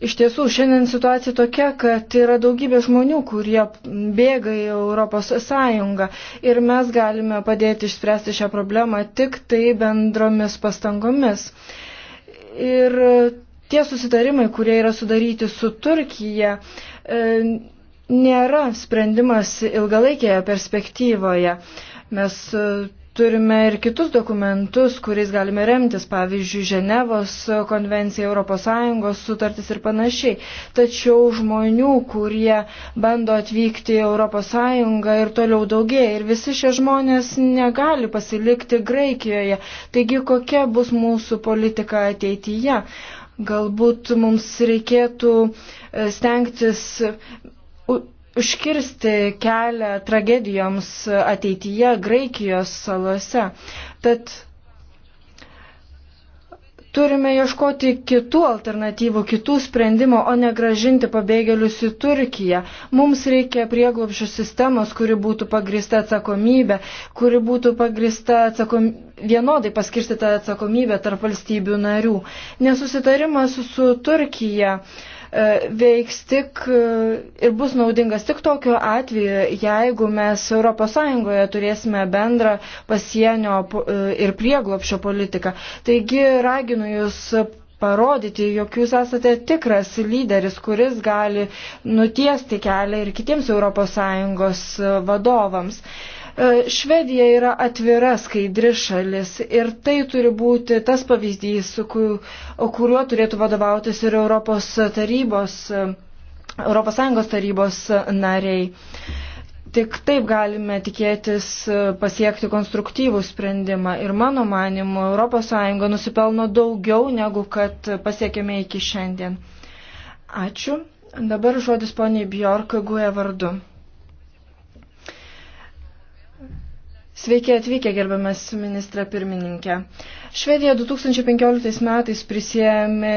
Iš tiesų, šiandien situacija tokia, kad yra daugybė žmonių, kurie bėga į Europos Sąjungą ir mes galime padėti išspręsti šią problemą tik tai bendromis pastangomis. Ir tie susitarimai, kurie yra sudaryti su Turkija, e, nėra sprendimas ilgalaikėje perspektyvoje. Mes e, turime ir kitus dokumentus, kuriais galime remtis, pavyzdžiui, Ženevos konvencija, ES sutartis ir panašiai. Tačiau žmonių, kurie bando atvykti į ES ir toliau daugėja ir visi šie žmonės negali pasilikti Graikijoje. Taigi kokia bus mūsų politika ateityje? Galbūt mums reikėtų e, stengtis užkirsti kelią tragedijoms ateityje Graikijos salose. Tad turime ieškoti kitų alternatyvų, kitų sprendimų, o ne gražinti pabėgėlius į Turkiją. Mums reikia prieglopščių sistemos, kuri būtų pagrista atsakomybė, kuri būtų pagrista atsakom... vienodai paskirstyta atsakomybė tarp valstybių narių. Nesusitarimas su Turkija. Uh, E, veiks tik e, ir bus naudingas tik tokiu atveju, jeigu mes ES turėsime bendrą pasienio e, ir prieglopšio politiką. Taigi raginu Jūs parodyti, jog Jūs esate tikras lyderis, kuris gali nutiesti kelią ir kitiems ES vadovams. E, Švedija yra atvira, skaidri šalis ir tai turi būti tas pavyzdys, kuriuo turėtų vadovautis ir Europos tarybos, ES tarybos nariai. Tik taip galime tikėtis e, pasiekti konstruktyvų sprendimą. Ir mano manimu, ES nusipelno daugiau, negu kad pasiekėme iki šiandien. Ačiū. Dabar žodis poniai Bjork Guė vardu. Sveiki atvykę, gerbiamas ministra pirmininkė. Švedija 2015 metais prisėmė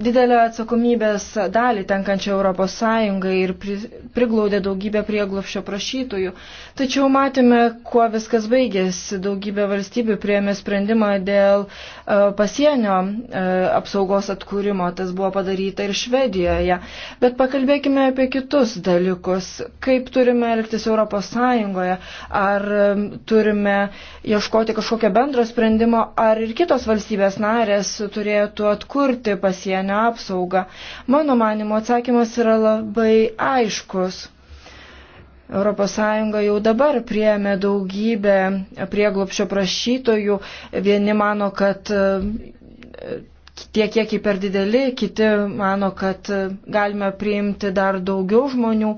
didelę atsakomybės dalį tenkančią Europos Sąjungai ir pri, priglaudė daugybę prieglopščio prašytojų. Tačiau matėme, kuo viskas baigėsi. Daugybė valstybių priėmė sprendimą dėl uh, pasienio uh, apsaugos atkūrimo. Tas buvo padaryta ir Švedijoje. Bet pakalbėkime apie kitus dalykus. Kaip turime elgtis Europos Sąjungoje? Ar um, turime ieškoti kažkokio bendro sprendimo? Ar ir kitos valstybės narės turėtų atkurti pasienio? socialinę apsaugą? Mano manimo atsakymas yra labai aiškus. ES jau dabar priemė daugybę prieglopšio prašytojų. Vieni mano, kad e, tie kiekiai per dideli, kiti mano, kad e, galime priimti dar daugiau žmonių.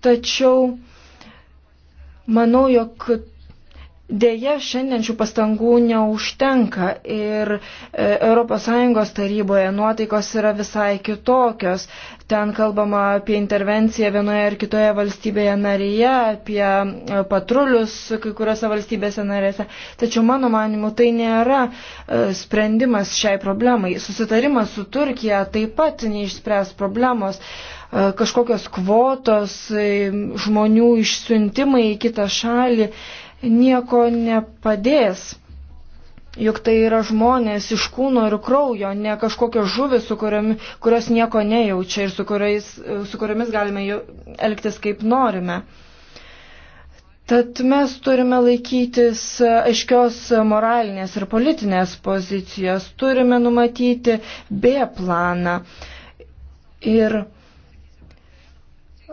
Tačiau manau, jog Deja, šiandien šių pastangų neužtenka ir ES taryboje nuotaikos yra visai kitokios. Ten kalbama apie intervenciją vienoje ar kitoje valstybėje narėje, apie e, patrulius kai kuriuose valstybėse narėse. Tačiau mano manimu tai nėra e, sprendimas šiai problemai. Susitarimas su Turkija taip pat neišspręs problemos e, kažkokios kvotos, žmonių išsiuntimai į kitą šalį nieko nepadės. Juk tai yra žmonės iš kūno ir kraujo, ne kažkokios žuvis, su kuriomis, kurios nieko nejaučia ir su, kuriais, su kuriomis galime elgtis kaip norime. Tad mes turime laikytis aiškios moralinės ir politinės pozicijos, turime numatyti B planą. Ir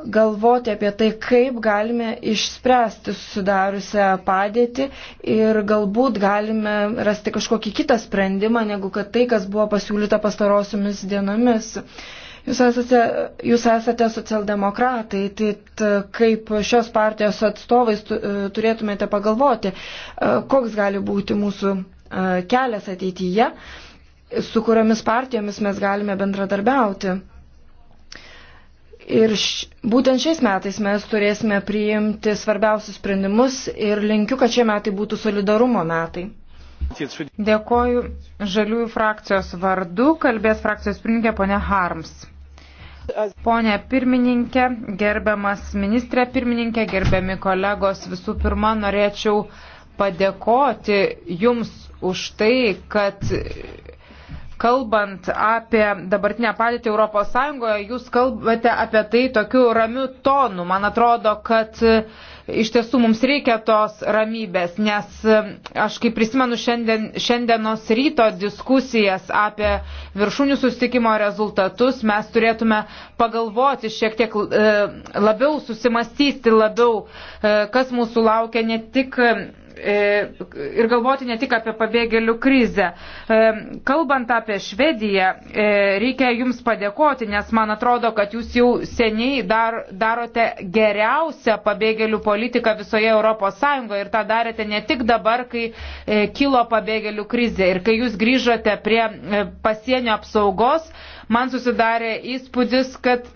galvoti apie tai, kaip galime išspręsti susidariusią padėtį ir galbūt galime rasti kažkokį kitą sprendimą, negu kad tai, kas buvo pasiūlyta pastarosiomis dienomis. Jūs esate, jūs esate socialdemokratai, tai kaip šios partijos atstovais e, turėtumėte pagalvoti, e, koks gali būti mūsų e, kelias ateityje, su kuriomis partijomis mes galime bendradarbiauti. Ir š, būtent šiais metais mes turėsime priimti svarbiausius sprendimus ir linkiu, kad šie metai būtų solidarumo metai. Dėkoju žaliųjų frakcijos vardu, kalbės frakcijos pirmininkė ponia Harms. Pone pirmininkė, gerbiamas ministrė pirmininkė, gerbiami kolegos, visų pirma norėčiau padėkoti Jums už tai, kad kalbant apie dabartinę padėtį ES, jūs kalbate apie tai tokiu ramiu tonu. Man atrodo, kad e, iš tiesų mums reikia tos ramybės, nes e, aš kaip prisimenu šiandien, šiandienos ryto diskusijas apie viršūnių sustikimo rezultatus, mes turėtume pagalvoti šiek tiek e, labiau, susimastyti labiau, kas mūsų laukia ne tik E, ir galvoti ne tik apie pabėgėlių krizę. E, kalbant apie Švediją, e, reikia Jums padėkoti, nes man atrodo, kad Jūs jau seniai dar, darote geriausią pabėgėlių politiką visoje Europos Sąjungoje ir tą darėte ne tik dabar, kai kilo pabėgėlių krizė ir kai Jūs grįžote prie pasienio apsaugos, man susidarė įspūdis, kad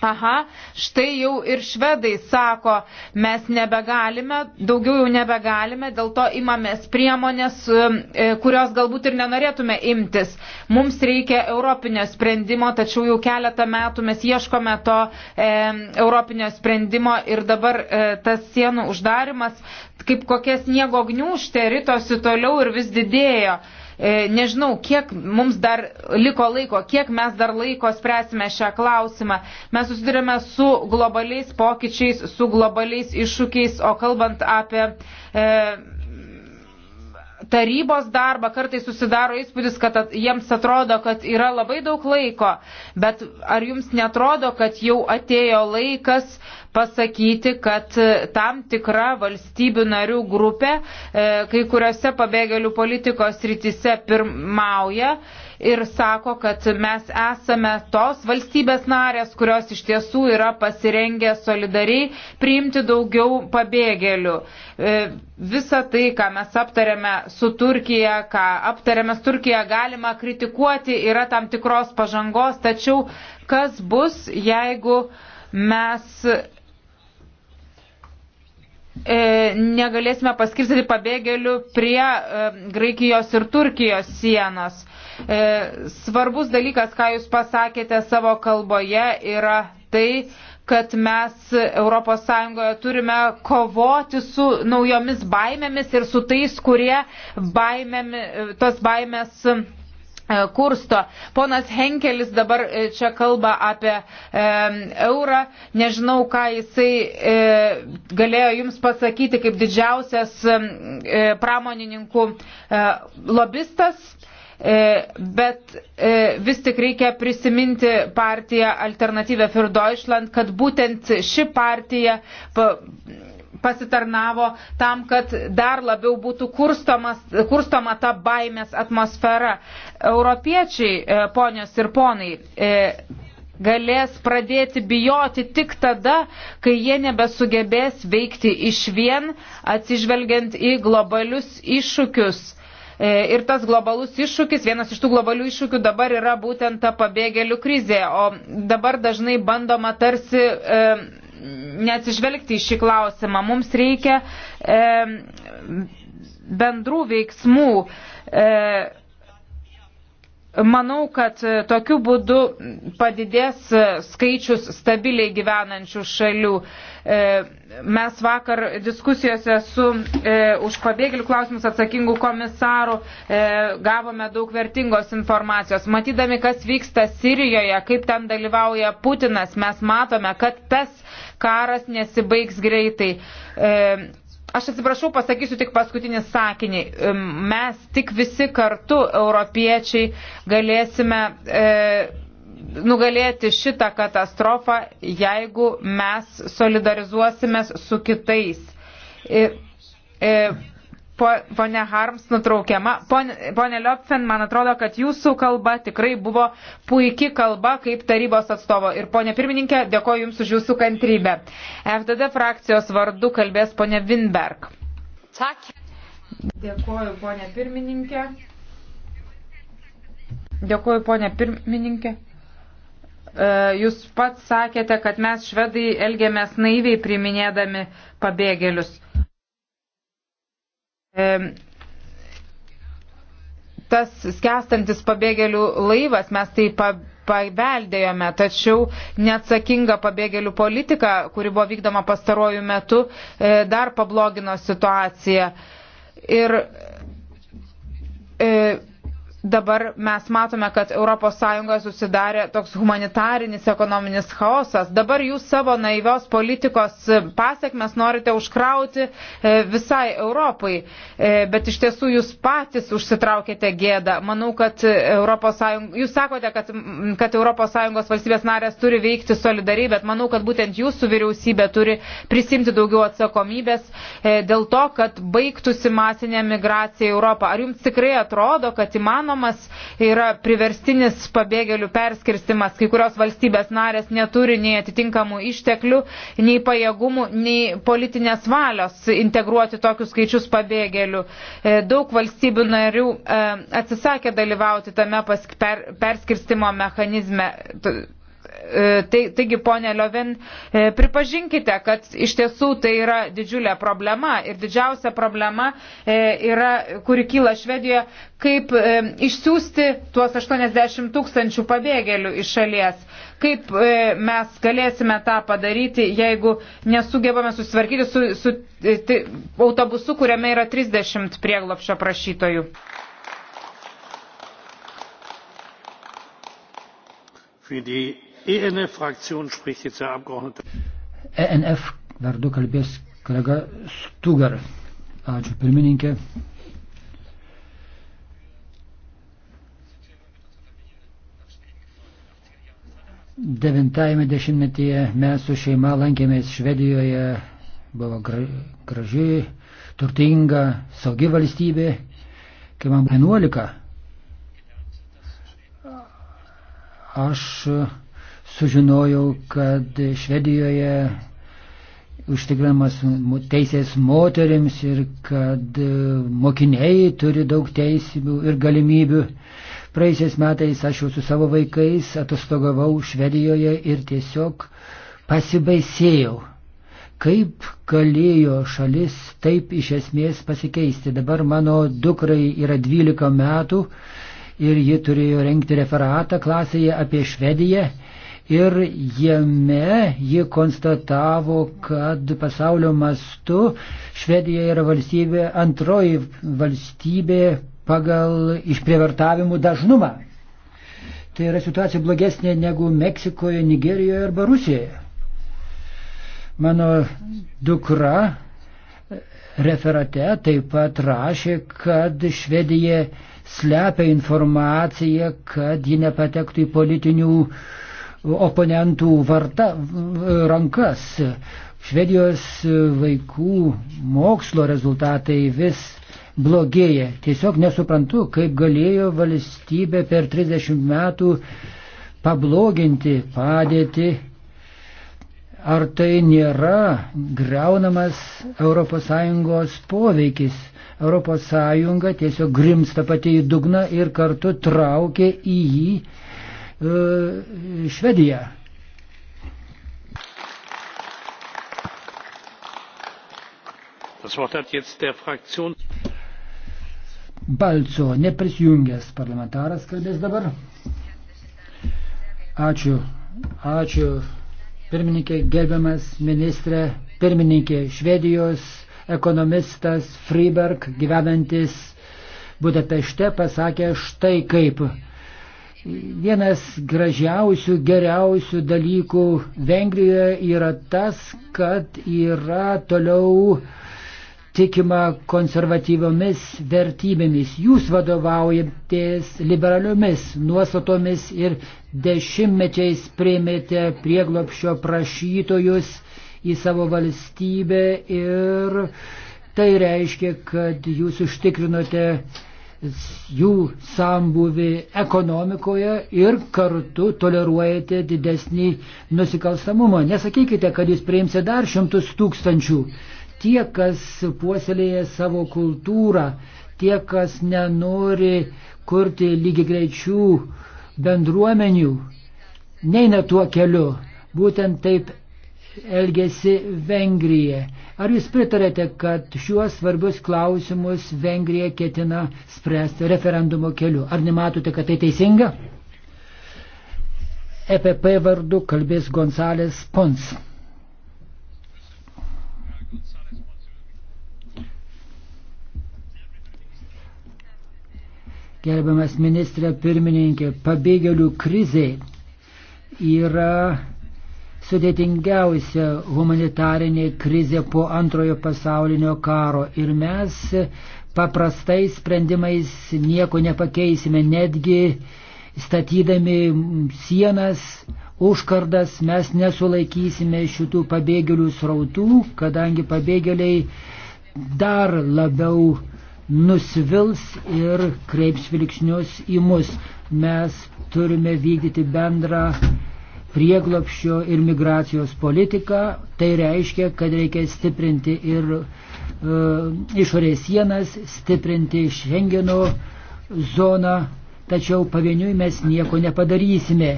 aha, štai jau ir švedai sako, mes nebegalime, daugiau jau nebegalime, dėl to imamės priemonės, um, e, kurios galbūt ir nenorėtume imtis. Mums reikia europinio sprendimo, tačiau jau keletą metų mes ieškome to e, europinio sprendimo ir dabar e, tas sienų uždarimas, kaip kokia sniego gniūžtė, rytosi toliau ir vis didėjo. E, nežinau, kiek mums dar liko laiko, kiek mes dar laiko spręsime šią klausimą. Mes susidurime su globaliais pokyčiais, su globaliais iššūkiais, o kalbant apie e, tarybos darbą, kartais susidaro įspūdis, kad at, jiems atrodo, kad yra labai daug laiko, bet ar jums netrodo, kad jau atėjo laikas pasakyti, kad e, tam tikra valstybių narių grupė e, kai kuriuose pabėgėlių politikos rytise pirmauja? E, ir sako, kad mes esame tos valstybės narės, kurios iš tiesų yra pasirengę solidariai priimti daugiau pabėgėlių. E, Visą tai, ką mes aptarėme su Turkija, ką aptarėme su Turkija, galima kritikuoti, yra tam tikros pažangos, tačiau kas bus, jeigu mes e, negalėsime paskirstyti pabėgėlių prie e, Graikijos ir Turkijos sienos. E, svarbus dalykas, ką Jūs pasakėte savo kalboje, yra tai, kad mes ES turime kovoti su naujomis baimėmis ir su tais, kurie baimėmi, tos baimės e, kursto. Ponas Henkelis dabar e, čia kalba apie e, eurą. Nežinau, ką jisai e, galėjo jums pasakyti kaip didžiausias e, pramonininkų e, lobistas. E, bet e, vis tik reikia prisiminti partiją Alternatyvę für Deutschland, kad būtent ši partija pasitarnavo tam, kad dar labiau būtų kurstoma ta baimės atmosfera. Europiečiai, e, ponios ir ponai, galės pradėti bijoti tik tada, kai jie nebesugebės veikti iš vien, atsižvelgiant į globalius iššūkius E, ir tas globalus iššūkis, vienas iš tų globalių iššūkių dabar yra būtent ta pabėgėlių krizė, o dabar dažnai bandoma tarsi e, neatsižvelgti į šį klausimą. Mums reikia e, bendrų veiksmų. E, Manau, kad e, tokiu būdu padidės e, skaičius stabiliai gyvenančių šalių. E, mes vakar diskusijose su už pabėgėlių klausimus atsakingų komisarų gavome daug vertingos informacijos. Matydami, kas vyksta Sirijoje, kaip ten dalyvauja Putinas, mes matome, kad tas karas nesibaigs greitai Aš atsiprašau, pasakysiu tik paskutinį sakinį. Mes tik visi kartu, europiečiai, galėsime e, nugalėti šitą katastrofą, jeigu mes solidarizuosimės su kitais. Ir, e, e Pone Harms nutraukiama. Pone, pone Liopfen, man atrodo, kad jūsų kalba tikrai buvo puikia kalba kaip tarybos atstovo. Ir pone pirmininkė, dėkoju Jums už Jūsų kantrybę. FDD frakcijos vardu kalbės pone Winberg. Tak. Dėkoju, ponė pirmininkė. Dėkoju, ponė pirmininkė. E, jūs pats sakėte, kad mes švedai elgiamės naiviai priminėdami pabėgėlius tas skęstantis pabėgėlių laivas, mes tai pa, paveldėjome, tačiau neatsakinga pabėgėlių politika, kuri buvo vykdoma pastarojų metų, e, dar pablogino situaciją. Ir e, dabar mes matome, kad ES susidarė toks humanitarinis ekonominis chaosas. Dabar jūs savo naivios politikos e, pasiekmes norite užkrauti e, visai Europai, e, bet iš tiesų jūs patys užsitraukėte gėdą. Manau, kad ES, jūs sakote, kad, kad ES valstybės narės turi veikti solidariai, bet manau, kad būtent jūsų vyriausybė turi prisimti daugiau atsakomybės dėl to, kad baigtųsi masinė migracija į Europą. Ar jums tikrai atrodo, kad įmanoma neįmanomas, yra priverstinis pabėgėlių perskirstimas, kai kurios valstybės narės neturi nei atitinkamų išteklių, nei pajėgumų, nei politinės valios integruoti tokius skaičius pabėgėlių. E, daug valstybių narių e, atsisakė dalyvauti tame perskirstimo mechanizme E, tai, taigi, ponė Liovin, e, pripažinkite, kad iš tiesų tai yra didžiulė problema ir didžiausia problema e, yra, kuri kyla Švedijoje, kaip išsiųsti tuos 80 tūkstančių pabėgėlių iš šalies. Kaip mes galėsime tą padaryti, jeigu nesugebame susitvarkyti su, su t, autobusu, kuriame yra 30 prieglopšio prašytojų. Für die ENF fraktion spricht jetzt der Abgeordnete. ENF vardu kalbės kolega Stugar. Ačiū pirmininkė. Devintajame dešimtmetyje mes su šeima lankėmės Švedijoje, buvo graži, turtinga, saugi valstybė. Kai man buvo 11, aš sužinojau, kad Švedijoje užtikrinamas teisės moterims ir kad e, mokiniai turi daug teisimių ir galimybių. Praeisiais metais aš jau su savo vaikais atostogavau Švedijoje ir tiesiog pasibaisėjau, kaip galėjo šalis taip iš esmės pasikeisti. Dabar mano dukrai yra 12 metų ir ji turėjo renkti referatą klasėje apie Švediją ir jame ji konstatavo, kad pasaulio mastu Švedija yra valstybė, antroji valstybė pagal išprievartavimų dažnumą. Tai yra situacija blogesnė negu Meksikoje, Nigerijoje arba Rusijoje. Mano dukra referate taip pat rašė, kad Švedija slepia informaciją, kad ji nepatektų į politinių uh, oponentų varta, rankas. Švedijos vaikų mokslo rezultatai vis blogėja. Tiesiog nesuprantu, kaip galėjo valstybė per 30 metų pabloginti padėtį. Ar tai nėra greunamas ES poveikis? ES tiesiog grimsta pati į dugną ir kartu traukia į jį E, Švediją. Balco neprisijungęs parlamentaras kalbės dabar. Ačiū, ačiū pirmininkė, gerbiamas ministrė, pirmininkė Švedijos, ekonomistas Friberg gyvenantis Budapešte pasakė štai kaip Vienas gražiausių, geriausių dalykų Vengrijoje yra tas, kad yra toliau tikima konservatyviomis vertybėmis. Jūs vadovaujatės liberaliomis nuostatomis ir dešimtmečiais priemėte prieglopšio prašytojus į savo valstybę ir tai reiškia, kad jūs užtikrinote jų sambuvį ekonomikoje ir kartu toleruojate didesnį nusikalstamumą. Nesakykite, kad jūs priimsite dar šimtus tūkstančių. Tie, kas puoselėja savo kultūrą, tie, kas nenori kurti lygiai greičių bendruomenių, neina tuo keliu. Būtent taip elgesi Vengrija. Ar jūs pritarėte, kad šiuos svarbius klausimus Vengrija ketina spręsti referendumo keliu? Ar nematote, kad tai teisinga? EPP vardu kalbės Gonzalės Pons. Gerbiamas ministrė pirmininkė, pabėgėlių krizė yra sudėtingiausia humanitarinė krizė po antrojo pasaulinio karo ir mes paprastai sprendimais nieko nepakeisime, netgi statydami sienas, užkardas mes nesulaikysime šitų pabėgėlių srautų, kadangi pabėgėliai dar labiau nusvils ir kreips vilkšnius į mus. Mes turime vykdyti bendrą prieglopščio ir migracijos politiką, tai reiškia, kad reikia stiprinti ir e, išorės sienas, stiprinti Šengeno zoną, tačiau pavieniui mes nieko nepadarysime.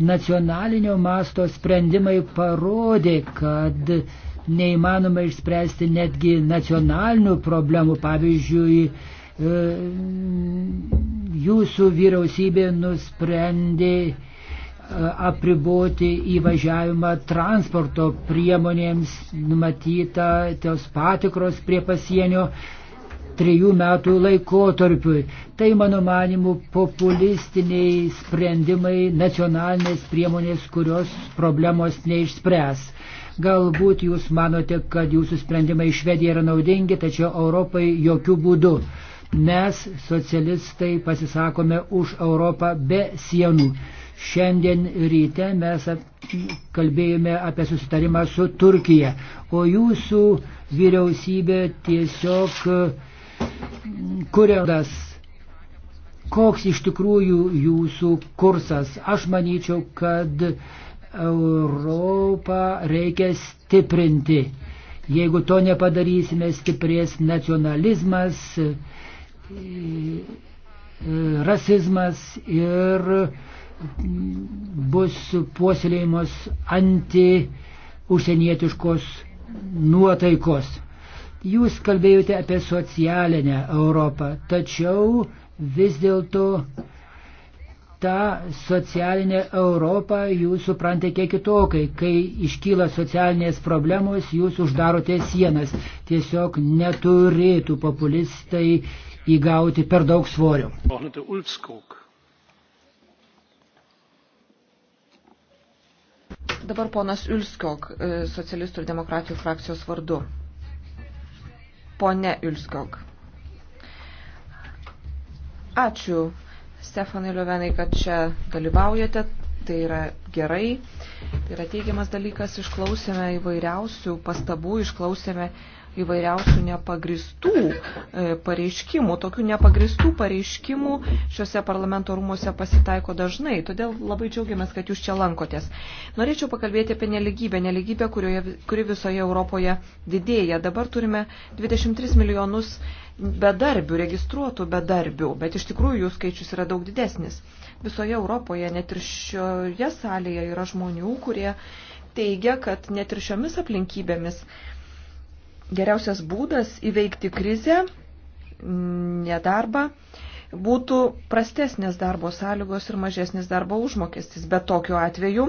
Nacionalinio masto sprendimai parodė, kad neįmanoma išspręsti netgi nacionalinių problemų, pavyzdžiui, e, jūsų vyriausybė nusprendė apriboti įvažiavimą transporto priemonėms, numatyta tos patikros prie pasienio trijų metų laikotarpiui. Tai, mano manimu, populistiniai sprendimai, nacionalinės priemonės, kurios problemos neišspręs. Galbūt jūs manote, kad jūsų sprendimai Švedija yra naudingi, tačiau Europai jokių būdų. Mes, socialistai, pasisakome už Europą be sienų. Šiandien ryte mes kalbėjome apie susitarimą su Turkija, o jūsų vyriausybė tiesiog e, kuriamas. Koks iš tikrųjų jūsų kursas? Aš manyčiau, kad Europą reikia stiprinti. Jeigu to nepadarysime, stiprės nacionalizmas, e, e, rasizmas ir bus puoselėjimas anti užsienietiškos nuotaikos. Jūs kalbėjote apie socialinę Europą, tačiau vis dėlto tą socialinę Europą jūs suprantate kiek kitokai. Kai iškyla socialinės problemos, jūs uždarote sienas. Tiesiog neturėtų populistai įgauti per daug svorio. Pohnete Ulfskog. Dabar ponas Ulskiok, e, socialistų ir demokratijų frakcijos vardu. Pone Ulskiok. Ačiū, Stefanai Liuvenai, kad čia dalyvaujate. Tai yra gerai. Tai yra teigiamas dalykas. Išklausėme įvairiausių pastabų, išklausėme uh, įvairiausių nepagristų e, pareiškimų. Tokių nepagristų pareiškimų šiuose parlamento rūmose pasitaiko dažnai, todėl labai džiaugiamės, kad jūs čia lankotės. Norėčiau pakalbėti apie neligybę, neligybę, kurioje, kuri visoje Europoje didėja. Dabar turime 23 milijonus bedarbių, registruotų bedarbių, bet iš tikrųjų jų skaičius yra daug didesnis. Visoje Europoje, net ir šioje salėje yra žmonių, kurie teigia, kad net ir šiomis aplinkybėmis geriausias būdas įveikti krizę, mm, nedarbą, būtų prastesnės darbo sąlygos ir mažesnis darbo užmokestis. Bet tokiu atveju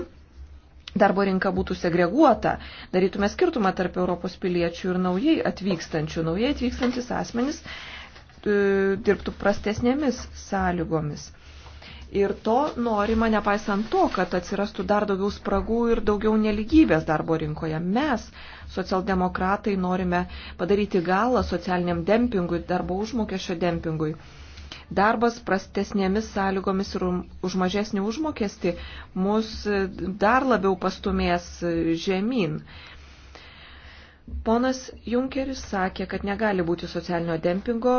darbo rinka būtų segreguota, darytume skirtumą tarp Europos piliečių ir naujai atvykstančių. Naujai atvykstantis asmenys e, dirbtų prastesnėmis sąlygomis. Ir to norima nepaisant to, kad atsirastų dar daugiau spragų ir daugiau neligybės darbo rinkoje. Mes, socialdemokratai, norime padaryti galą socialiniam dempingui, darbo užmokesčio dempingui. Darbas prastesnėmis sąlygomis ir um, už mažesnį užmokestį mus e, dar labiau pastumės e, žemyn. Ponas Junkeris sakė, kad negali būti socialinio dempingo,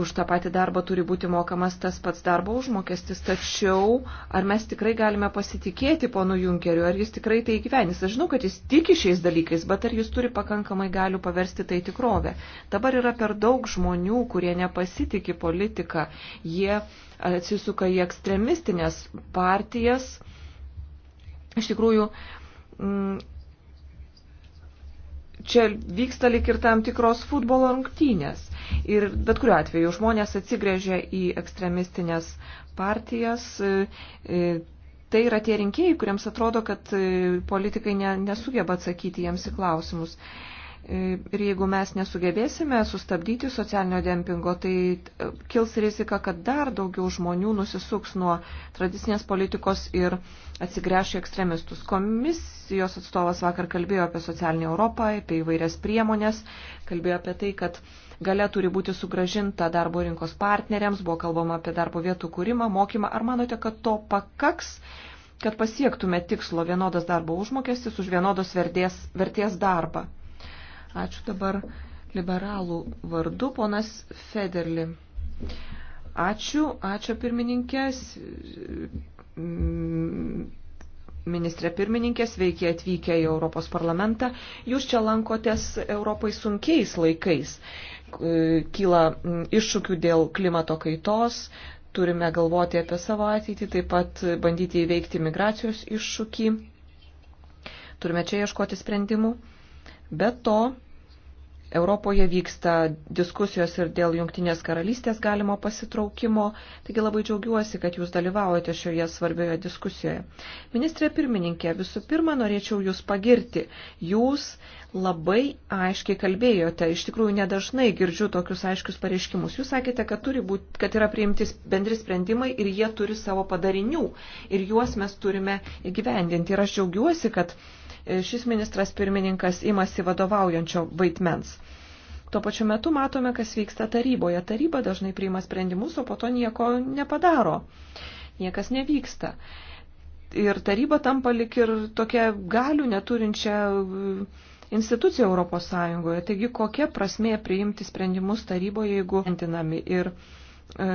už tą patį darbą turi būti mokamas tas pats darbo užmokestis, tačiau ar mes tikrai galime pasitikėti ponu Junkeriu, ar jis tikrai tai įgyvenys. Aš žinau, kad jis tiki šiais dalykais, bet ar jis turi pakankamai galių paversti tai tikrovę. Dabar yra per daug žmonių, kurie nepasitiki politiką, jie atsisuka į ekstremistinės partijas. Iš tikrųjų, mm, čia vyksta lik ir tam tikros futbolo rungtynės. Ir bet kuriuo atveju žmonės atsigrėžia į ekstremistinės partijas. E, e, tai yra tie rinkėjai, kuriems atrodo, kad e, politikai ne, nesugeba atsakyti jiems į klausimus. Ir jeigu mes nesugebėsime sustabdyti socialinio dempingo, tai e, kils rizika, kad dar daugiau žmonių nusisuks nuo tradicinės politikos ir atsigręš į ekstremistus. Komisijos atstovas vakar kalbėjo apie socialinę Europą, apie įvairias priemonės, kalbėjo apie tai, kad gale turi būti sugražinta darbo rinkos partneriams, buvo kalbama apie darbo vietų kūrimą, mokymą. Ar manote, kad to pakaks? kad pasiektume tikslo vienodas darbo užmokestis už vienodos vertės, vertės darbą. Ačiū dabar liberalų vardu, ponas Federli. Ačiū, ačiū pirmininkės. Ministrė pirmininkė, sveiki atvykę į Europos parlamentą. Jūs čia lankotės Europai sunkiais laikais. Kyla iššūkių dėl klimato kaitos, turime galvoti apie savo ateitį, taip pat bandyti įveikti migracijos iššūkį. Turime čia ieškoti sprendimų. Be to, Europoje vyksta diskusijos ir dėl Junktinės karalystės galimo pasitraukimo, taigi labai džiaugiuosi, kad jūs dalyvaujate šioje svarbioje diskusijoje. Ministrė pirmininkė, visų pirma, norėčiau jūs pagirti. Jūs labai aiškiai kalbėjote, iš tikrųjų nedažnai girdžiu tokius aiškius pareiškimus. Jūs sakėte, kad, turi būt, kad yra priimti bendri sprendimai ir jie turi savo padarinių ir juos mes turime įgyvendinti. Ir aš džiaugiuosi, kad šis ministras pirmininkas imasi vadovaujančio vaidmens. Tuo pačiu metu matome, kas vyksta taryboje. Taryba dažnai priima sprendimus, o po to nieko nepadaro. Niekas nevyksta. Ir taryba tampa lik ir tokia galių neturinčia e, institucija Europos Sąjungoje. Taigi, kokia prasmė priimti sprendimus taryboje, jeigu antinami ir e,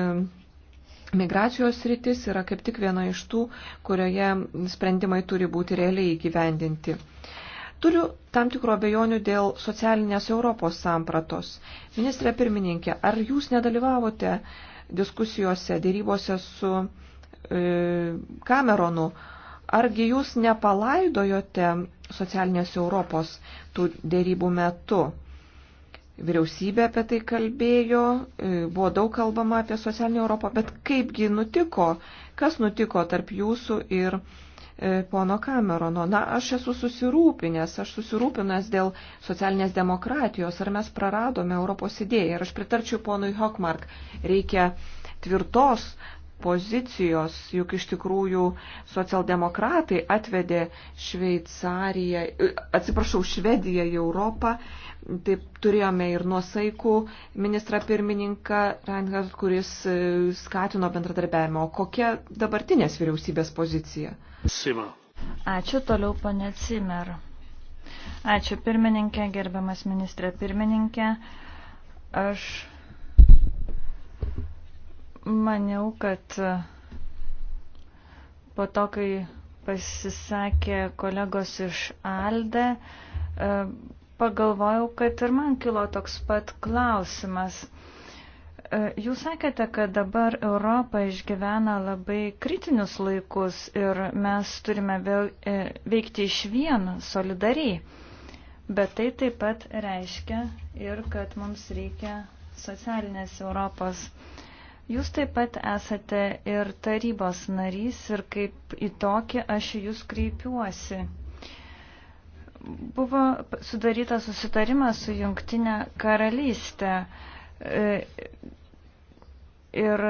migracijos rytis yra kaip tik viena iš tų, kurioje sprendimai turi būti realiai įgyvendinti. E, Turiu tam tikro abejonių dėl socialinės Europos sampratos. Ministrė pirmininkė, ar jūs nedalyvavote diskusijose, dėrybose su e, Kameronu? Argi jūs nepalaidojote socialinės Europos tų dėrybų metu? Vyriausybė apie tai kalbėjo, e, buvo daug kalbama apie socialinę Europą, bet kaipgi nutiko, kas nutiko tarp jūsų ir E, pono Kamerono. Na, aš esu susirūpinęs, aš susirūpinęs dėl socialinės demokratijos, ar mes praradome Europos idėją. Ir aš pritarčiau ponui Hockmark, reikia tvirtos pozicijos, juk iš tikrųjų socialdemokratai atvedė Šveicariją, atsiprašau, Švediją į Europą. Taip turėjome ir nuosaikų ministrą pirmininką Reinhardt, kuris e, skatino bendradarbiavimą. O kokia dabartinės vyriausybės pozicija? Sima. Ačiū toliau, ponė Cimer. Ačiū pirmininkė, gerbiamas ministrė pirmininkė. Aš Maniau, kad po to, kai pasisakė kolegos iš Alde, e, pagalvojau, kad ir man kilo toks pat klausimas. E, jūs sakėte, kad dabar Europa išgyvena labai kritinius laikus ir mes turime e, veikti iš vien solidariai. Bet tai taip pat reiškia ir, kad mums reikia socialinės Europos. Uh, Jūs taip pat esate ir tarybos narys ir kaip į tokį aš jūs kreipiuosi. Buvo sudarytas susitarimas su jungtinė karalystė e, ir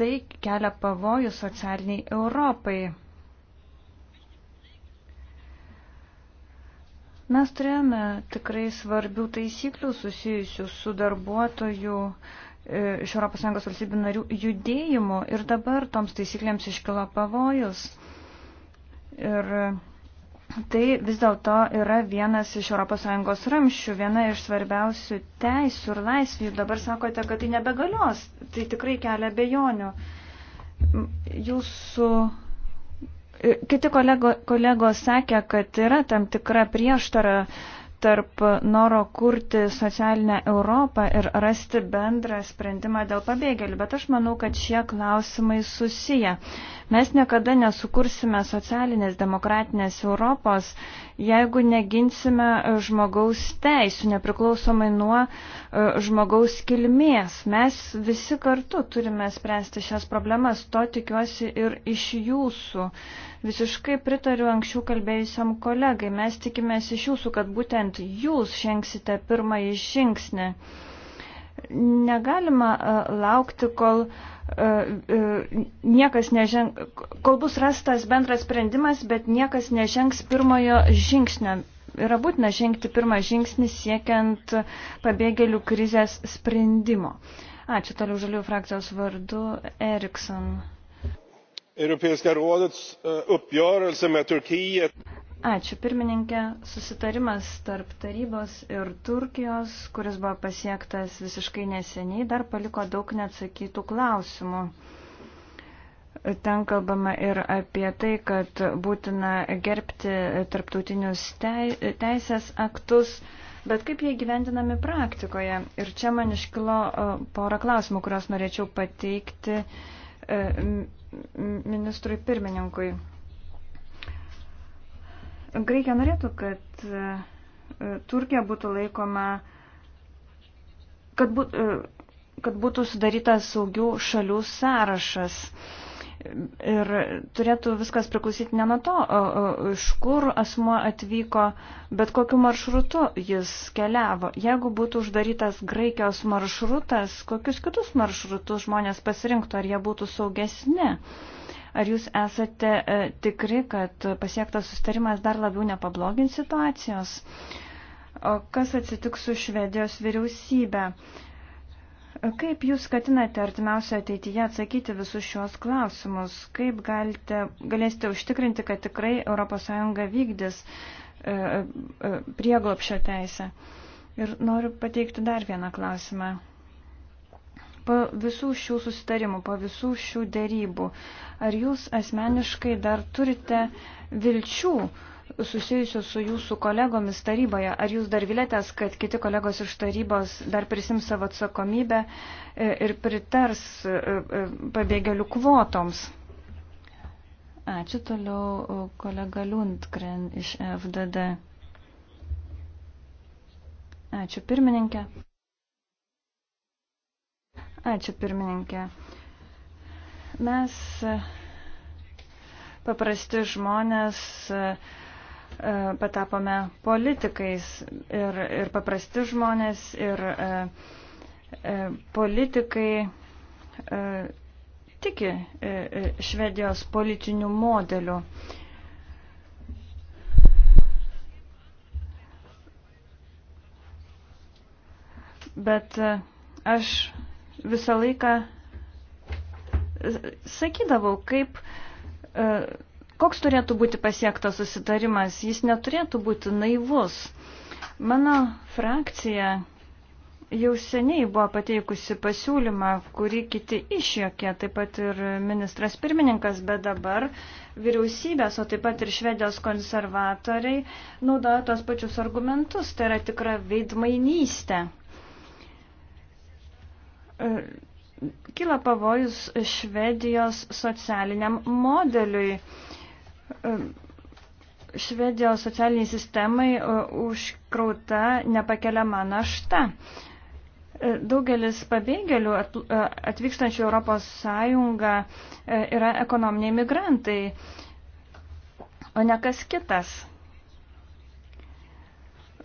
tai kelia pavojų socialiniai Europai. Mes turėjome tikrai svarbių taisyklių susijusių su darbuotojų uh, E, iš ES valstybių narių judėjimų ir dabar toms taisyklėms iškilo pavojus. Ir tai vis dėlto yra vienas iš ES ramščių, viena iš svarbiausių teisų ir laisvių. Dabar sakote, kad tai nebegalios. Tai tikrai kelia bejonių. Jūsų e, kiti kolego, kolegos sakė, kad yra tam tikra prieštara uh, tarp noro kurti socialinę Europą ir rasti bendrą sprendimą dėl pabėgėlių, bet aš manau, kad šie klausimai susiję. Mes niekada nesukursime socialinės demokratinės Europos, jeigu neginsime žmogaus teisų, nepriklausomai nuo e, žmogaus kilmės. Mes visi kartu turime spręsti šias problemas, to tikiuosi ir iš jūsų Visiškai pritariu anksčiau kalbėjusiam kolegai. Mes tikimės iš jūsų, kad būtent jūs žengsite pirmąjį žingsnį. Negalima e, laukti, kol e, e, niekas neženg, kol bus rastas bendras sprendimas, bet niekas nežengs pirmojo žingsnio. Yra būtina žengti pirmą žingsnį siekiant pabėgėlių krizės sprendimo. Ačiū toliau žalių frakcijos vardu Erikson. Europeiska rådets eh, uppgörelse med Turkiet. Ačiū pirmininkė. Susitarimas tarp tarybos ir Turkijos, kuris buvo pasiektas visiškai neseniai, dar paliko daug neatsakytų klausimų. Ten kalbama ir apie tai, kad būtina gerbti tarptautinius teisės aktus, bet kaip jie gyvendinami praktikoje. Ir čia man iškilo eh, porą klausimų, kuriuos norėčiau pateikti uh, E, ministrui pirmininkui. Graikija norėtų, kad e, Turkija būtų laikoma, kad, būt, e, kad būtų sudarytas saugių šalių sąrašas. Ir turėtų viskas priklausyti ne nuo to, iš kur asmuo atvyko, bet kokiu maršrutu jis keliavo. Jeigu būtų uždarytas Graikijos maršrutas, kokius kitus maršrutus žmonės pasirinktų, ar jie būtų saugesni? Ar jūs esate e, tikri, kad pasiektas sustarimas dar labiau nepablogins situacijos? O kas atsitiks su Švedijos vyriausybė? Kaip Jūs skatinate artimiausio ateityje atsakyti visus šios klausimus? Kaip galite, galėsite užtikrinti, kad tikrai ES vykdys e, e, prieglopšio teisę? Ir noriu pateikti dar vieną klausimą. Po visų šių susitarimų, po visų šių dėrybų, ar Jūs asmeniškai dar turite vilčių? susijusios su jūsų kolegomis taryboje. Ar jūs dar vilėtės, kad kiti kolegos iš tarybos dar prisims savo atsakomybę e, ir pritars e, e, pabėgėlių kvotoms? Ačiū toliau kolega Lundgren iš FDD. Ačiū pirmininkė. Ačiū pirmininkė. Mes paprasti žmonės uh, E, patapome politikais ir, ir paprasti žmonės, ir e, e, politikai e, tiki e, e Švedijos politinių modelių. Bet e, aš visą laiką sakydavau, kaip e, Koks turėtų būti pasiektas susitarimas? Jis neturėtų būti naivus. Mano frakcija jau seniai buvo pateikusi pasiūlymą, kurį kiti išjokė, taip pat ir ministras pirmininkas, bet dabar vyriausybės, o taip pat ir švedijos konservatoriai naudoja tos pačius argumentus. Tai yra tikra veidmainystė. Kila pavojus švedijos socialiniam modeliui Švedijos socialiniai sistemai e, užkrauta nepakeliama našta. E, daugelis pabėgėlių e, atvykstančių Europos Sąjungą yra ekonominiai migrantai, o ne kas kitas.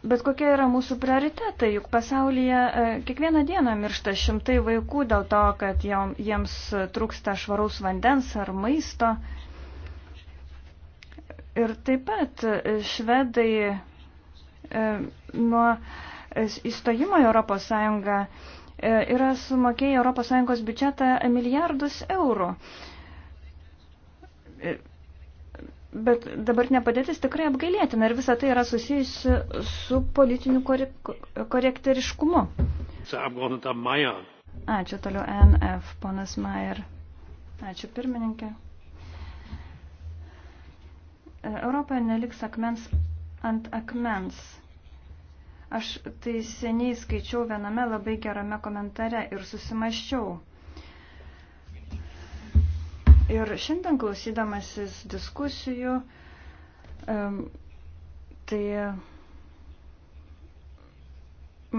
Bet kokie yra mūsų prioritetai? Juk pasaulyje kiekvieną dieną miršta šimtai vaikų dėl to, kad jiems trūksta švaraus vandens ar maisto. Ir taip pat e, švedai e, nuo įstojimo į Europos Sąjungą e, yra sumokėję Europos Sąjungos biudžetą milijardus eurų. Bet dabartinė padėtis tikrai apgailėtina ir visa tai yra susijusi su politiniu korekteriškumu. Ačiū toliau NF, ponas Mayer. Ačiū pirmininkė. Europoje neliks akmens ant akmens. Aš tai seniai skaičiau viename labai gerame komentare ir susimaščiau. Ir šiandien klausydamasis diskusijų, tai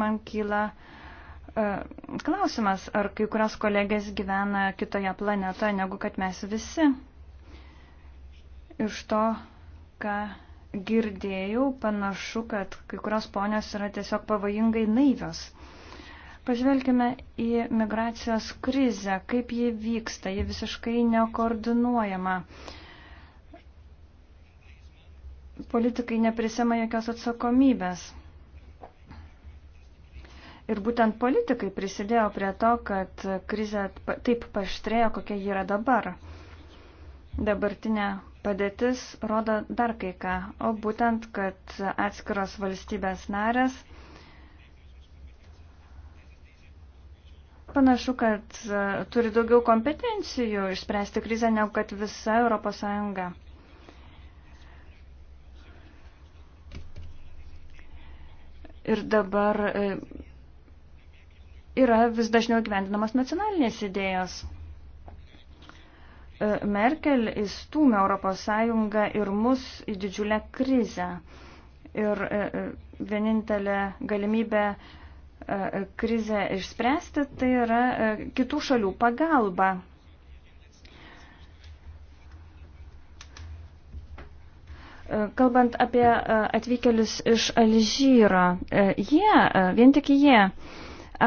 man kyla e, klausimas, ar kai kurios kolegės gyvena kitoje planetoje negu kad mes visi. Iš to ką girdėjau, panašu, kad kai kurios ponios yra tiesiog pavojingai naivios. Pažvelkime į migracijos krizę, kaip ji vyksta, ji visiškai nekoordinuojama. Politikai neprisima jokios atsakomybės. Ir būtent politikai prisidėjo prie to, kad krizė taip paštrėjo, kokia ji yra dabar. Dabartinė Padėtis rodo dar kai ką, o būtent, kad atskiros valstybės narės panašu, kad e, turi daugiau kompetencijų išspręsti krizę, negu kad visa Europos Sąjunga. Ir dabar e, yra vis dažniau gyvendinamos nacionalinės idėjos. E, Merkel įstūmė ES ir mus į didžiulę krizę. Ir e, e, vienintelė galimybė krizę išspręsti, tai yra kitų šalių pagalba. Kalbant apie atvykėlius iš Alžyro, jie, vien tik jie,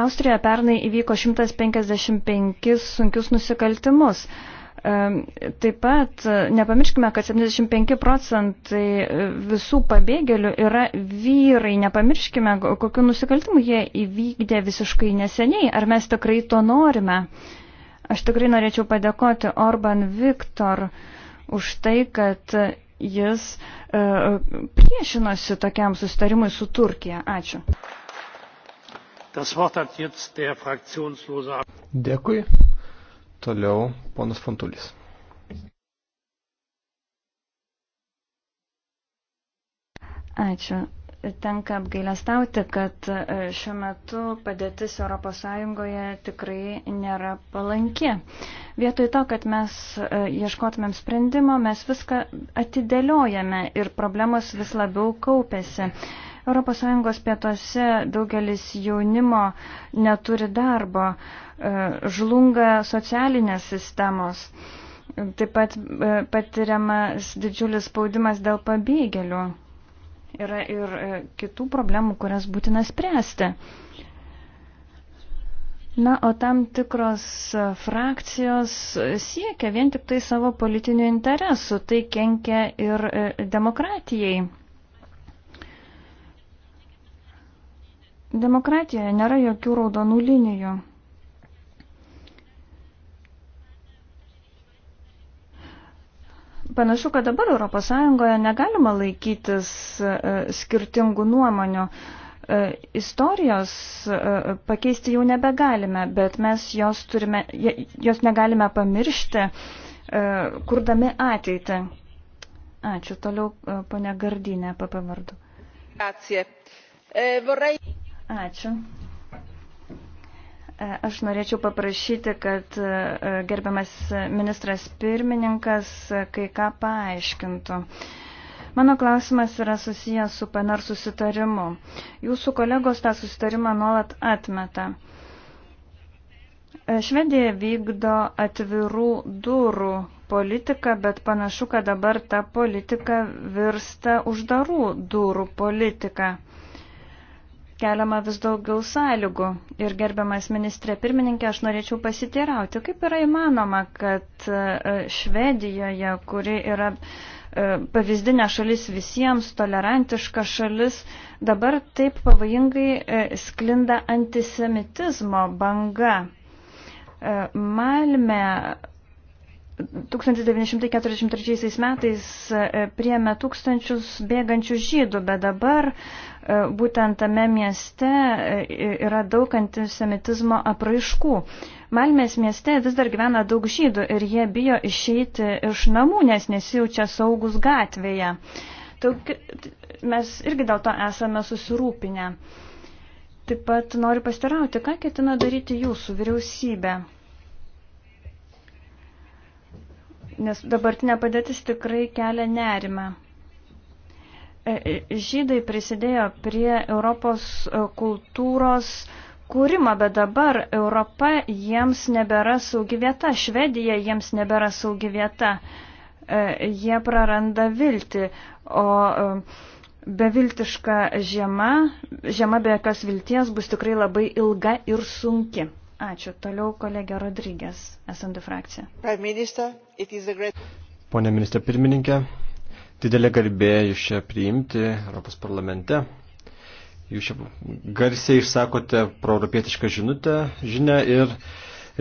Austrija pernai įvyko 155 sunkius nusikaltimus. Taip pat e, nepamirškime, kad 75 procentai e, visų pabėgėlių yra vyrai. Nepamirškime, kokiu nusikaltimu jie įvykdė visiškai neseniai. Ar mes tikrai to norime? Aš tikrai norėčiau padėkoti Orban Viktor už tai, kad jis e, priešinosi tokiam sustarimui su Turkija. Ačiū. Dėkui. Toliau ponas Fontulis. Ačiū. Tenka apgailestauti, kad e, šiuo metu padėtis ES tikrai nėra palanki. Vietoj to, kad mes e, ieškotumėm sprendimo, mes viską atidėliojame ir problemos vis labiau kaupėsi. ES pietuose daugelis jaunimo neturi darbo. E, žlunga socialinės sistemos, taip pat e, patiriamas didžiulis spaudimas dėl pabėgėlių. Yra ir e, kitų problemų, kurias būtina spręsti. Na, o tam tikros frakcijos siekia vien tik tai savo politinių interesų, tai kenkia ir demokratijai. Demokratijoje nėra jokių raudonų linijų. Panašu, kad dabar ES negalima laikytis e, skirtingų nuomonių. E, istorijos e, pakeisti jau nebegalime, bet mes jos, turime, jos negalime pamiršti, kurdami ateitį. Ačiū. Toliau ponia Gardinė, papavardu. Ačiū. E, aš norėčiau paprašyti, kad e, gerbiamas ministras pirmininkas kai ką paaiškintų. Mano klausimas yra susijęs su PNR susitarimu. Jūsų kolegos tą susitarimą nuolat atmeta. E, Švedija vykdo atvirų durų politiką, bet panašu, kad dabar ta politika virsta uždarų durų politiką keliama vis daugiau sąlygų. Ir gerbiamas ministrė pirmininkė, aš norėčiau pasiteirauti, kaip yra įmanoma, kad e, Švedijoje, kuri yra e, pavyzdinė šalis visiems, tolerantiška šalis, dabar taip pavojingai e, sklinda antisemitizmo banga. Malme 1943 metais e, priėmė tūkstančius bėgančių žydų, bet dabar e, būtent tame mieste e, yra daug antisemitizmo apraiškų. Malmės mieste vis dar gyvena daug žydų ir jie bijo išeiti iš namų, nes nesijaučia saugus gatvėje. Taug, mes irgi dėl to esame susirūpinę. Taip pat noriu pastarauti, ką ketina daryti jūsų vyriausybė. nes dabartinė padėtis tikrai kelia nerimą. E, e, žydai prisidėjo prie Europos e, kultūros kūrimą, bet dabar Europa jiems nebėra saugi vieta, Švedija jiems nebėra saugi vieta, jie praranda viltį, o beviltiška žiema, žiema be jokios vilties bus tikrai labai ilga ir sunki. Ačiū. Toliau kolegė Rodrygės, SND frakcija. Pone ministrė pirmininkė, didelė garbė jūs čia priimti Europos parlamente. Jūs čia garsiai išsakote proeuropietišką žinutę, žinę ir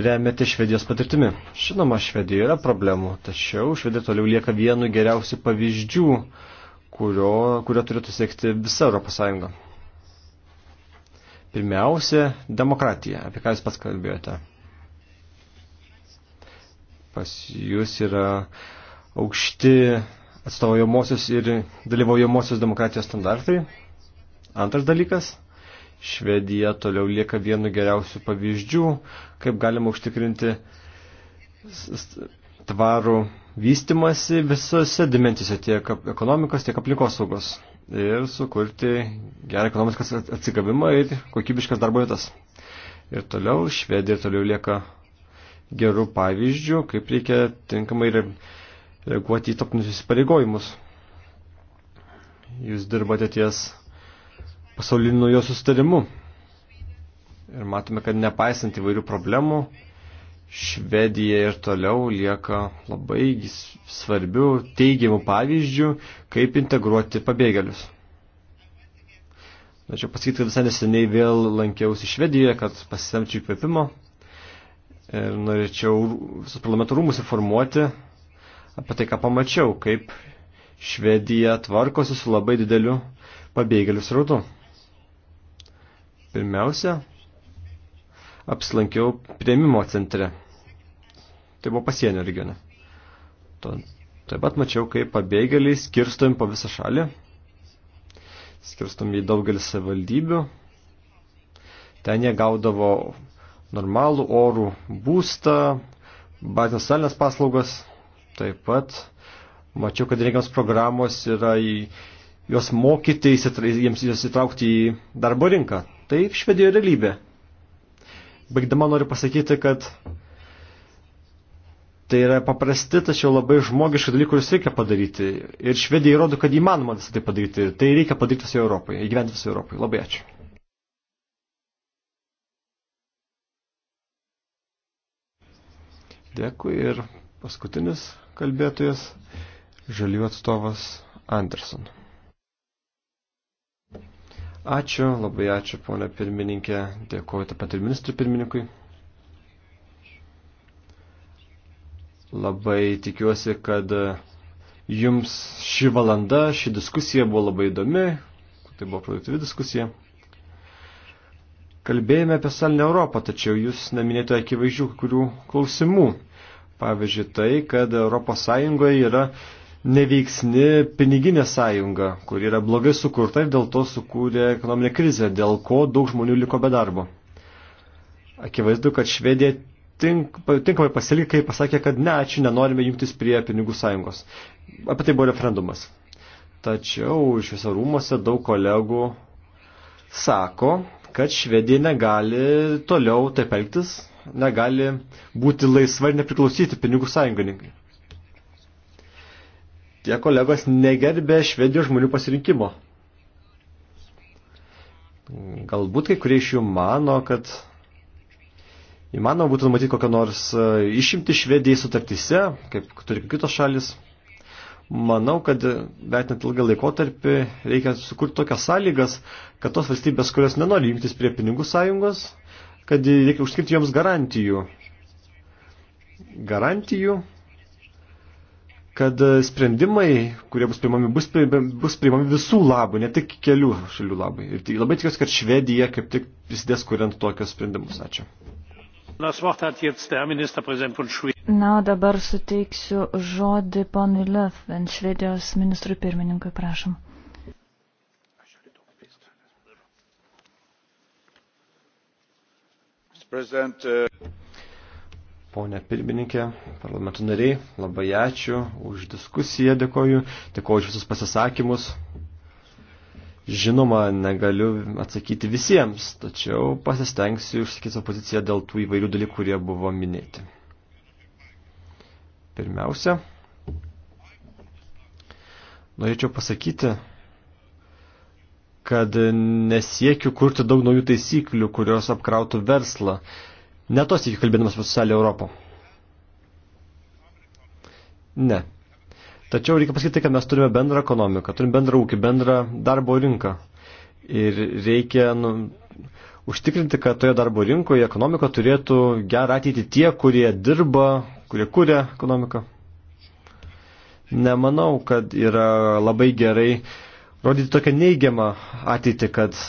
remiate Švedijos patirtimi. Žinoma, Švedijoje yra problemų, tačiau Švedija toliau lieka vienu geriausių pavyzdžių, kurio, kurio turėtų siekti visa Europos Sąjunga. Pirmiausia, demokratija, apie ką jūs pats kalbėjote. Pas jūs yra aukšti atstovaujamosios ir dalyvaujamosios demokratijos standartai. Antras dalykas, Švedija toliau lieka vienu geriausių pavyzdžių, kaip galima užtikrinti tvarų vystimasi visose dimensijose, tiek ekonomikos, tiek aplinkosaugos ir sukurti gerą ekonomikos atsigavimą ir kokybiškas darbo vietas. Ir toliau Švedija toliau lieka gerų pavyzdžių, kaip reikia tinkamai reaguoti į topinius įsipareigojimus. Jūs dirbate ties pasauliniu jo sustarimu. Ir matome, kad nepaisant įvairių problemų, Švedija ir toliau lieka labai svarbių teigiamų pavyzdžių, kaip integruoti pabėgėlius. Tačiau pasakyti, kad visai neseniai vėl lankiausi Švedijoje, kad pasisemčiau įkvėpimo ir norėčiau visus parlamento rūmus informuoti apie tai, ką pamačiau, kaip Švedija tvarkosi su labai dideliu pabėgėlių srautu. Pirmiausia, apsilankiau prieimimo centre. Tai buvo pasienio regione. To, taip pat mačiau, kaip pabėgėliai skirstom po visą šalį, skirstom į daugelį savivaldybių. Ten jie gaudavo normalų orų būstą, bazinės socialinės paslaugas. Taip pat mačiau, kad reikiams programos yra į juos mokyti, jiems įtraukti į darbo rinką. Tai švedėjo realybė. Baigdama noriu pasakyti, kad tai yra paprasti, tačiau labai žmogiški dalykai, kuriuos reikia padaryti. Ir Švedija įrodo, kad įmanoma visą tai padaryti. Tai reikia padaryti visoje Europoje, įgyventi visoje Europoje. Labai ačiū. Dėkui ir paskutinis kalbėtojas, žalių atstovas Anderson. Ačiū, labai ačiū, ponė pirmininkė. Dėkuoju taip pat ir ministrui pirmininkui. Labai tikiuosi, kad jums ši valanda, ši diskusija buvo labai įdomi. Tai buvo produktyvi diskusija. Kalbėjome apie salinę Europą, tačiau jūs neminėjote akivaizdžių kurių klausimų. Pavyzdžiui, tai, kad Europos Sąjungoje yra neveiksni piniginė sąjunga, kur yra blogai sukurta ir dėl to sukūrė ekonominę krizę, dėl ko daug žmonių liko be darbo. Akivaizdu, kad Švedija tink, tinkamai pasilikė, kai pasakė, kad ne, ačiū, nenorime jungtis prie pinigų sąjungos. Apie tai buvo referendumas. Tačiau šiuose rūmose daug kolegų sako, kad Švedija negali toliau taip elgtis, negali būti laisva ir nepriklausyti pinigų sąjungininkai tie kolegos negerbė švedijos žmonių pasirinkimo. Galbūt kai kurie iš jų mano, kad įmanoma būtų numatyti kokią nors e, išimti Švedijai sutartyse, kaip turi kitos šalis. Manau, kad vertinant ilgą laikotarpį reikia sukurti tokias sąlygas, kad tos valstybės, kurios nenori jungtis prie pinigų sąjungos, kad reikia užskirti joms garantijų. Garantijų, kad e, sprendimai, kurie bus priimami, bus, bus priimami visų labų, ne tik kelių šalių labai. Ir tai labai tikiuosi, kad Švedija kaip tik prisidės kuriant tokius sprendimus. Ačiū. Na, o dabar suteiksiu žodį ponui Löfven, Švedijos ministrui pirmininkui, prašom. President, uh... Pone pirmininkė, parlamentų nariai, labai ačiū už diskusiją, dėkoju, dėkoju už visus pasisakymus. Žinoma, negaliu atsakyti visiems, tačiau pasistengsiu išsakyti savo poziciją dėl tų įvairių dalykų, kurie buvo minėti. Pirmiausia, norėčiau pasakyti, kad nesiekiu kurti daug naujų taisyklių, kurios apkrautų verslą. Netos iki kalbėdamas apie socialią Europą. Ne. Tačiau reikia pasakyti, kad mes turime bendrą ekonomiką, turime bendrą ūkį, bendrą darbo rinką. Ir reikia nu, užtikrinti, kad toje darbo rinkoje ekonomika turėtų gerą ateitį tie, kurie dirba, kurie kūrė ekonomiką. Nemanau, kad yra labai gerai rodyti tokią neigiamą ateitį, kad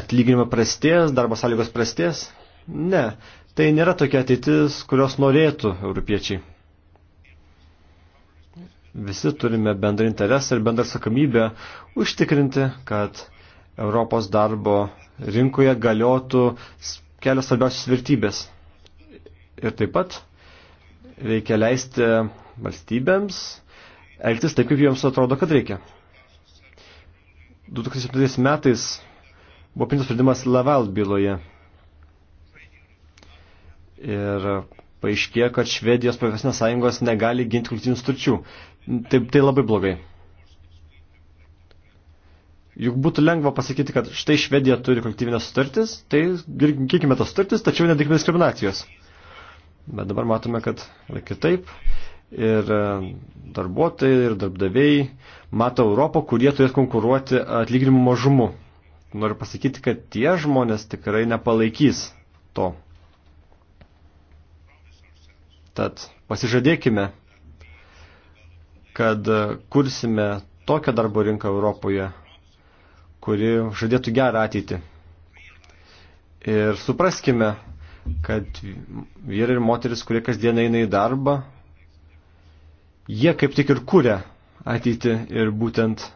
atlyginimą prastės, darbo sąlygos prastės. Ne, tai nėra tokia ateitis, kurios norėtų europiečiai. Visi turime bendrą interesą ir bendrą sakomybę užtikrinti, kad Europos darbo rinkoje galiotų kelios svarbiausios vertybės. Ir taip pat reikia leisti valstybėms elgtis taip, kaip joms atrodo, kad reikia. 2007 metais buvo pintas sprendimas Laval byloje Ir paaiškėjo, kad Švedijos profesinės sąjungos negali ginti kolektyvinių sutarčių. Tai, tai labai blogai. Juk būtų lengva pasakyti, kad štai Švedija turi kolektyvinės sutartis, tai ginkime tas sutartis, tačiau nedikime diskriminacijos. Bet dabar matome, kad kitaip ir e, darbuotojai, ir darbdaviai mato Europą, kurie turės konkuruoti atlyginimų mažumu. Noriu pasakyti, kad tie žmonės tikrai nepalaikys to. Tad pasižadėkime, kad kursime tokią darbo rinką Europoje, kuri žadėtų gerą ateitį. Ir supraskime, kad vyrai ir moteris, kurie kasdien eina į darbą, jie kaip tik ir kūrė ateitį ir būtent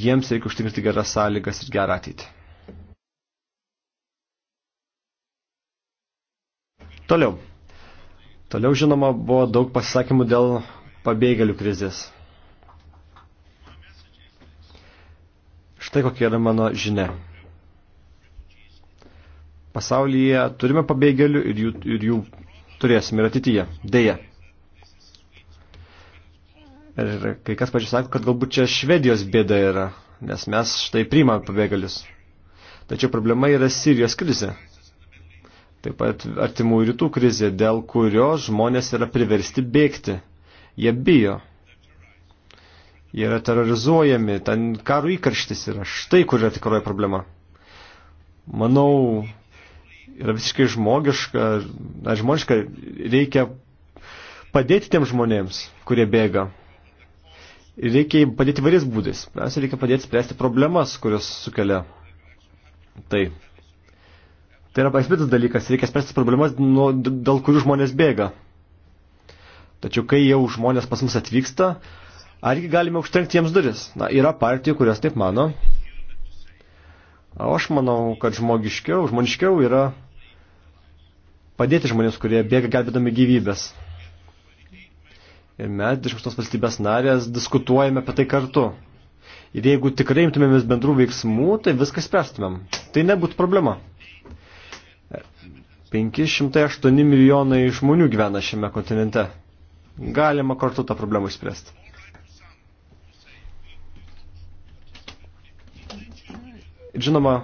jiems reikia užtikrinti geras sąlygas ir gerą ateitį. Toliau. Toliau, žinoma, buvo daug pasisakymų dėl pabėgėlių krizės. Štai kokia yra mano žinia. Pasaulyje turime pabėgėlių ir jų, ir jų turėsime ir ateityje. Deja. Ir kai kas pačiai sako, kad galbūt čia Švedijos bėda yra, nes mes štai priimame pabėgalius. Tačiau problema yra Sirijos krizė. Taip pat artimų rytų krizė, dėl kurios žmonės yra priversti bėgti. Jie bijo. Jie yra terrorizuojami, ten karo įkarštis yra. Štai kur yra tikroji problema. Manau, yra visiškai žmogiška, na, žmogiška reikia padėti tiem žmonėms, kurie bėga. Ir reikia padėti variais būdais. Mes reikia padėti spręsti problemas, kurios sukelia tai. Tai yra esminis dalykas, reikia spręsti problemas, nuo, dėl kurių žmonės bėga. Tačiau kai jau žmonės pas mus atvyksta, argi galime užtrenkti jiems duris? Na, yra partijų, kurios taip mano. O aš manau, kad žmogiškiau, žmoniškiau yra padėti žmonėms, kurie bėga gelbėdami gyvybės. Ir mes, 28 valstybės narės, diskutuojame apie tai kartu. Ir jeigu tikrai imtumėmės bendrų veiksmų, tai viską spręstumėm. Tai nebūtų problema. 508 milijonai žmonių gyvena šiame kontinente. Galima kartu tą problemą išspręsti. Žinoma,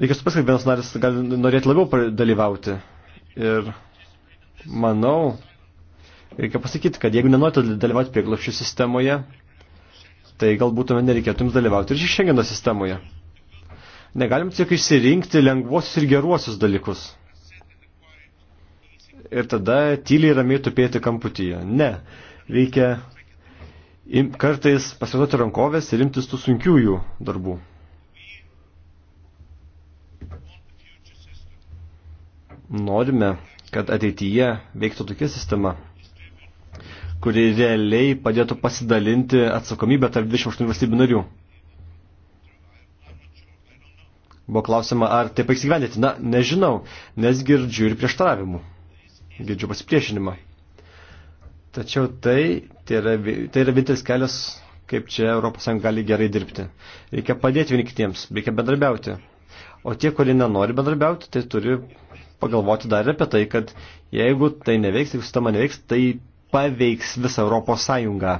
reikia suprasti, kad vienas narys gali norėti labiau dalyvauti. Ir manau, reikia pasakyti, kad jeigu nenorite dalyvauti prieglapščių sistemoje, tai galbūt nereikėtų jums dalyvauti ir šengeno sistemoje. Negalim tik išsirinkti lengvuosius ir geruosius dalykus ir tada tyliai ramiai tupėti kamputyje. Ne, reikia im, kartais pasiduoti rankovės ir imtis tų sunkiųjų darbų. Norime, kad ateityje veiktų tokia sistema, kuri realiai padėtų pasidalinti atsakomybę tarp 28 valstybių narių. Buvo klausima, ar taip įsigyvendyti. Na, nežinau, nes girdžiu ir prieštaravimų girdžiu pasipriešinimą. Tačiau tai, tai yra, tai yra vienintelis kelias, kaip čia ES gali gerai dirbti. Reikia padėti vieni kitiems, reikia bendrabiauti. O tie, kurie nenori bendrabiauti, tai turi pagalvoti dar apie tai, kad jeigu tai neveiks, jeigu sistema neveiks, tai paveiks visą Europos Sąjungą.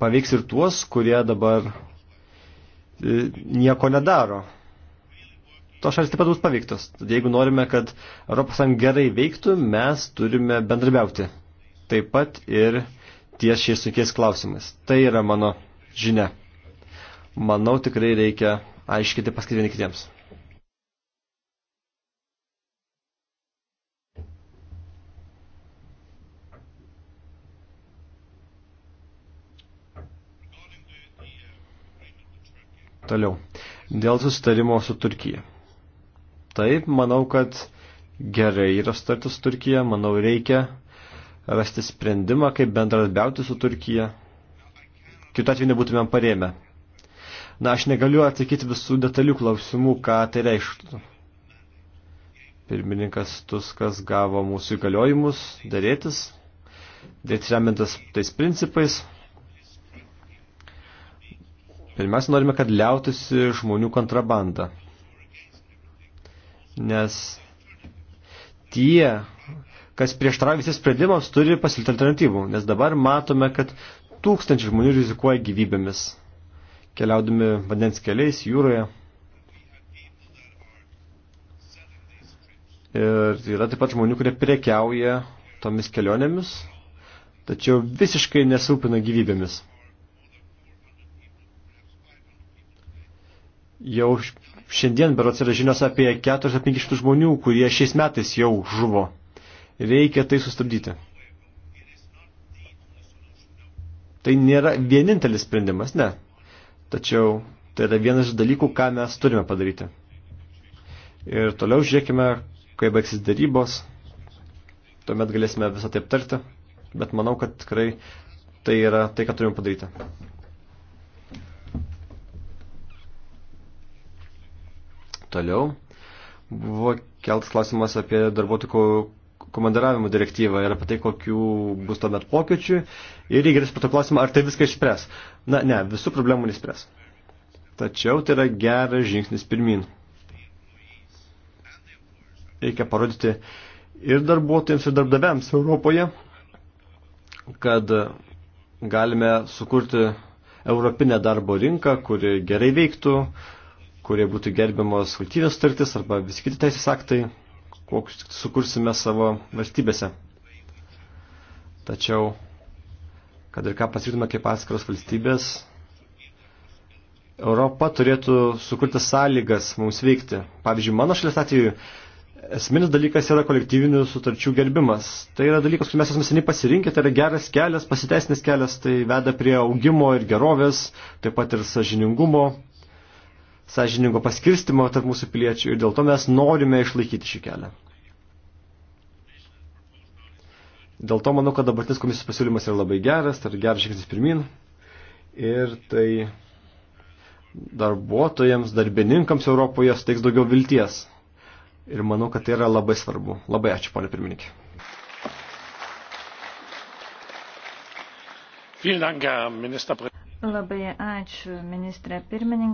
Paveiks ir tuos, kurie dabar e, nieko nedaro to šalis taip pat bus paveiktos. Tad jeigu norime, kad ES gerai veiktų, mes turime bendrabiauti. Taip pat ir ties šiais sunkiais klausimais. Tai yra mano žinia. Manau, tikrai reikia aiškinti paskui vieni kitiems. Toliau. Dėl susitarimo su Turkija. Taip, manau, kad gerai yra sutartis su Turkija, manau, reikia rasti sprendimą, kaip bendradarbiauti su Turkija. Kitu atveju nebūtumėm parėmę. Na, aš negaliu atsakyti visų detalių klausimų, ką tai reikštų. Pirmininkas Tuskas gavo mūsų įgaliojimus dėrėtis, dėrėtis remintas tais principais. Pirmiausia, norime, kad liautųsi žmonių kontrabanda nes tie, kas prieštarauja visi sprendimams, turi pasilti alternatyvų, nes dabar matome, kad tūkstančiai žmonių rizikuoja gyvybėmis, keliaudami vandens keliais, jūroje. Ir yra taip pat žmonių, kurie prekiauja tomis kelionėmis, tačiau visiškai nesūpina gyvybėmis. Jau Šiandien berots yra žinios apie 400-500 žmonių, kurie šiais metais jau žuvo. Reikia tai sustabdyti. Tai nėra vienintelis sprendimas, ne. Tačiau tai yra vienas iš dalykų, ką mes turime padaryti. Ir toliau žiūrėkime, kai baigsis darybos. Tuomet galėsime visą tai aptarti. Bet manau, kad tikrai tai yra tai, ką turime padaryti. Toliau buvo keltas klausimas apie darbuotojų komandaravimo direktyvą ir apie tai, kokių bus tuomet pokyčių. Ir įgirės pato klausimą, ar tai viską išspręs. Na, ne, visų problemų nespręs. Tačiau tai yra geras žingsnis pirmin. Reikia parodyti ir darbuotojams, ir darbdaviams Europoje, kad galime sukurti europinę darbo rinką, kuri gerai veiktų, kurie būtų gerbiamos valstybės sutartis arba visi kiti teisės aktai, kokius sukursime savo valstybėse. Tačiau, kad ir ką pasirytume kaip atskiros valstybės, Europa turėtų sukurti sąlygas mums veikti. Pavyzdžiui, mano šalies atveju esminis dalykas yra kolektyvinių sutarčių gerbimas. Tai yra dalykas, kurį mes esame seniai pasirinkę, tai yra geras kelias, pasiteisnis kelias, tai veda prie augimo ir gerovės, taip pat ir sažiningumo, sąžiningo paskirstimo tarp mūsų piliečių ir dėl to mes norime išlaikyti šį kelią. Dėl to manau, kad dabartinis komisijos pasiūlymas yra labai geras, tai geras žingsnis pirmin. Ir tai darbuotojams, darbininkams Europoje suteiks daugiau vilties. Ir manau, kad tai yra labai svarbu. Labai ačiū, ponė pirmininkė. Labai ačiū, ministrė pirmininkė.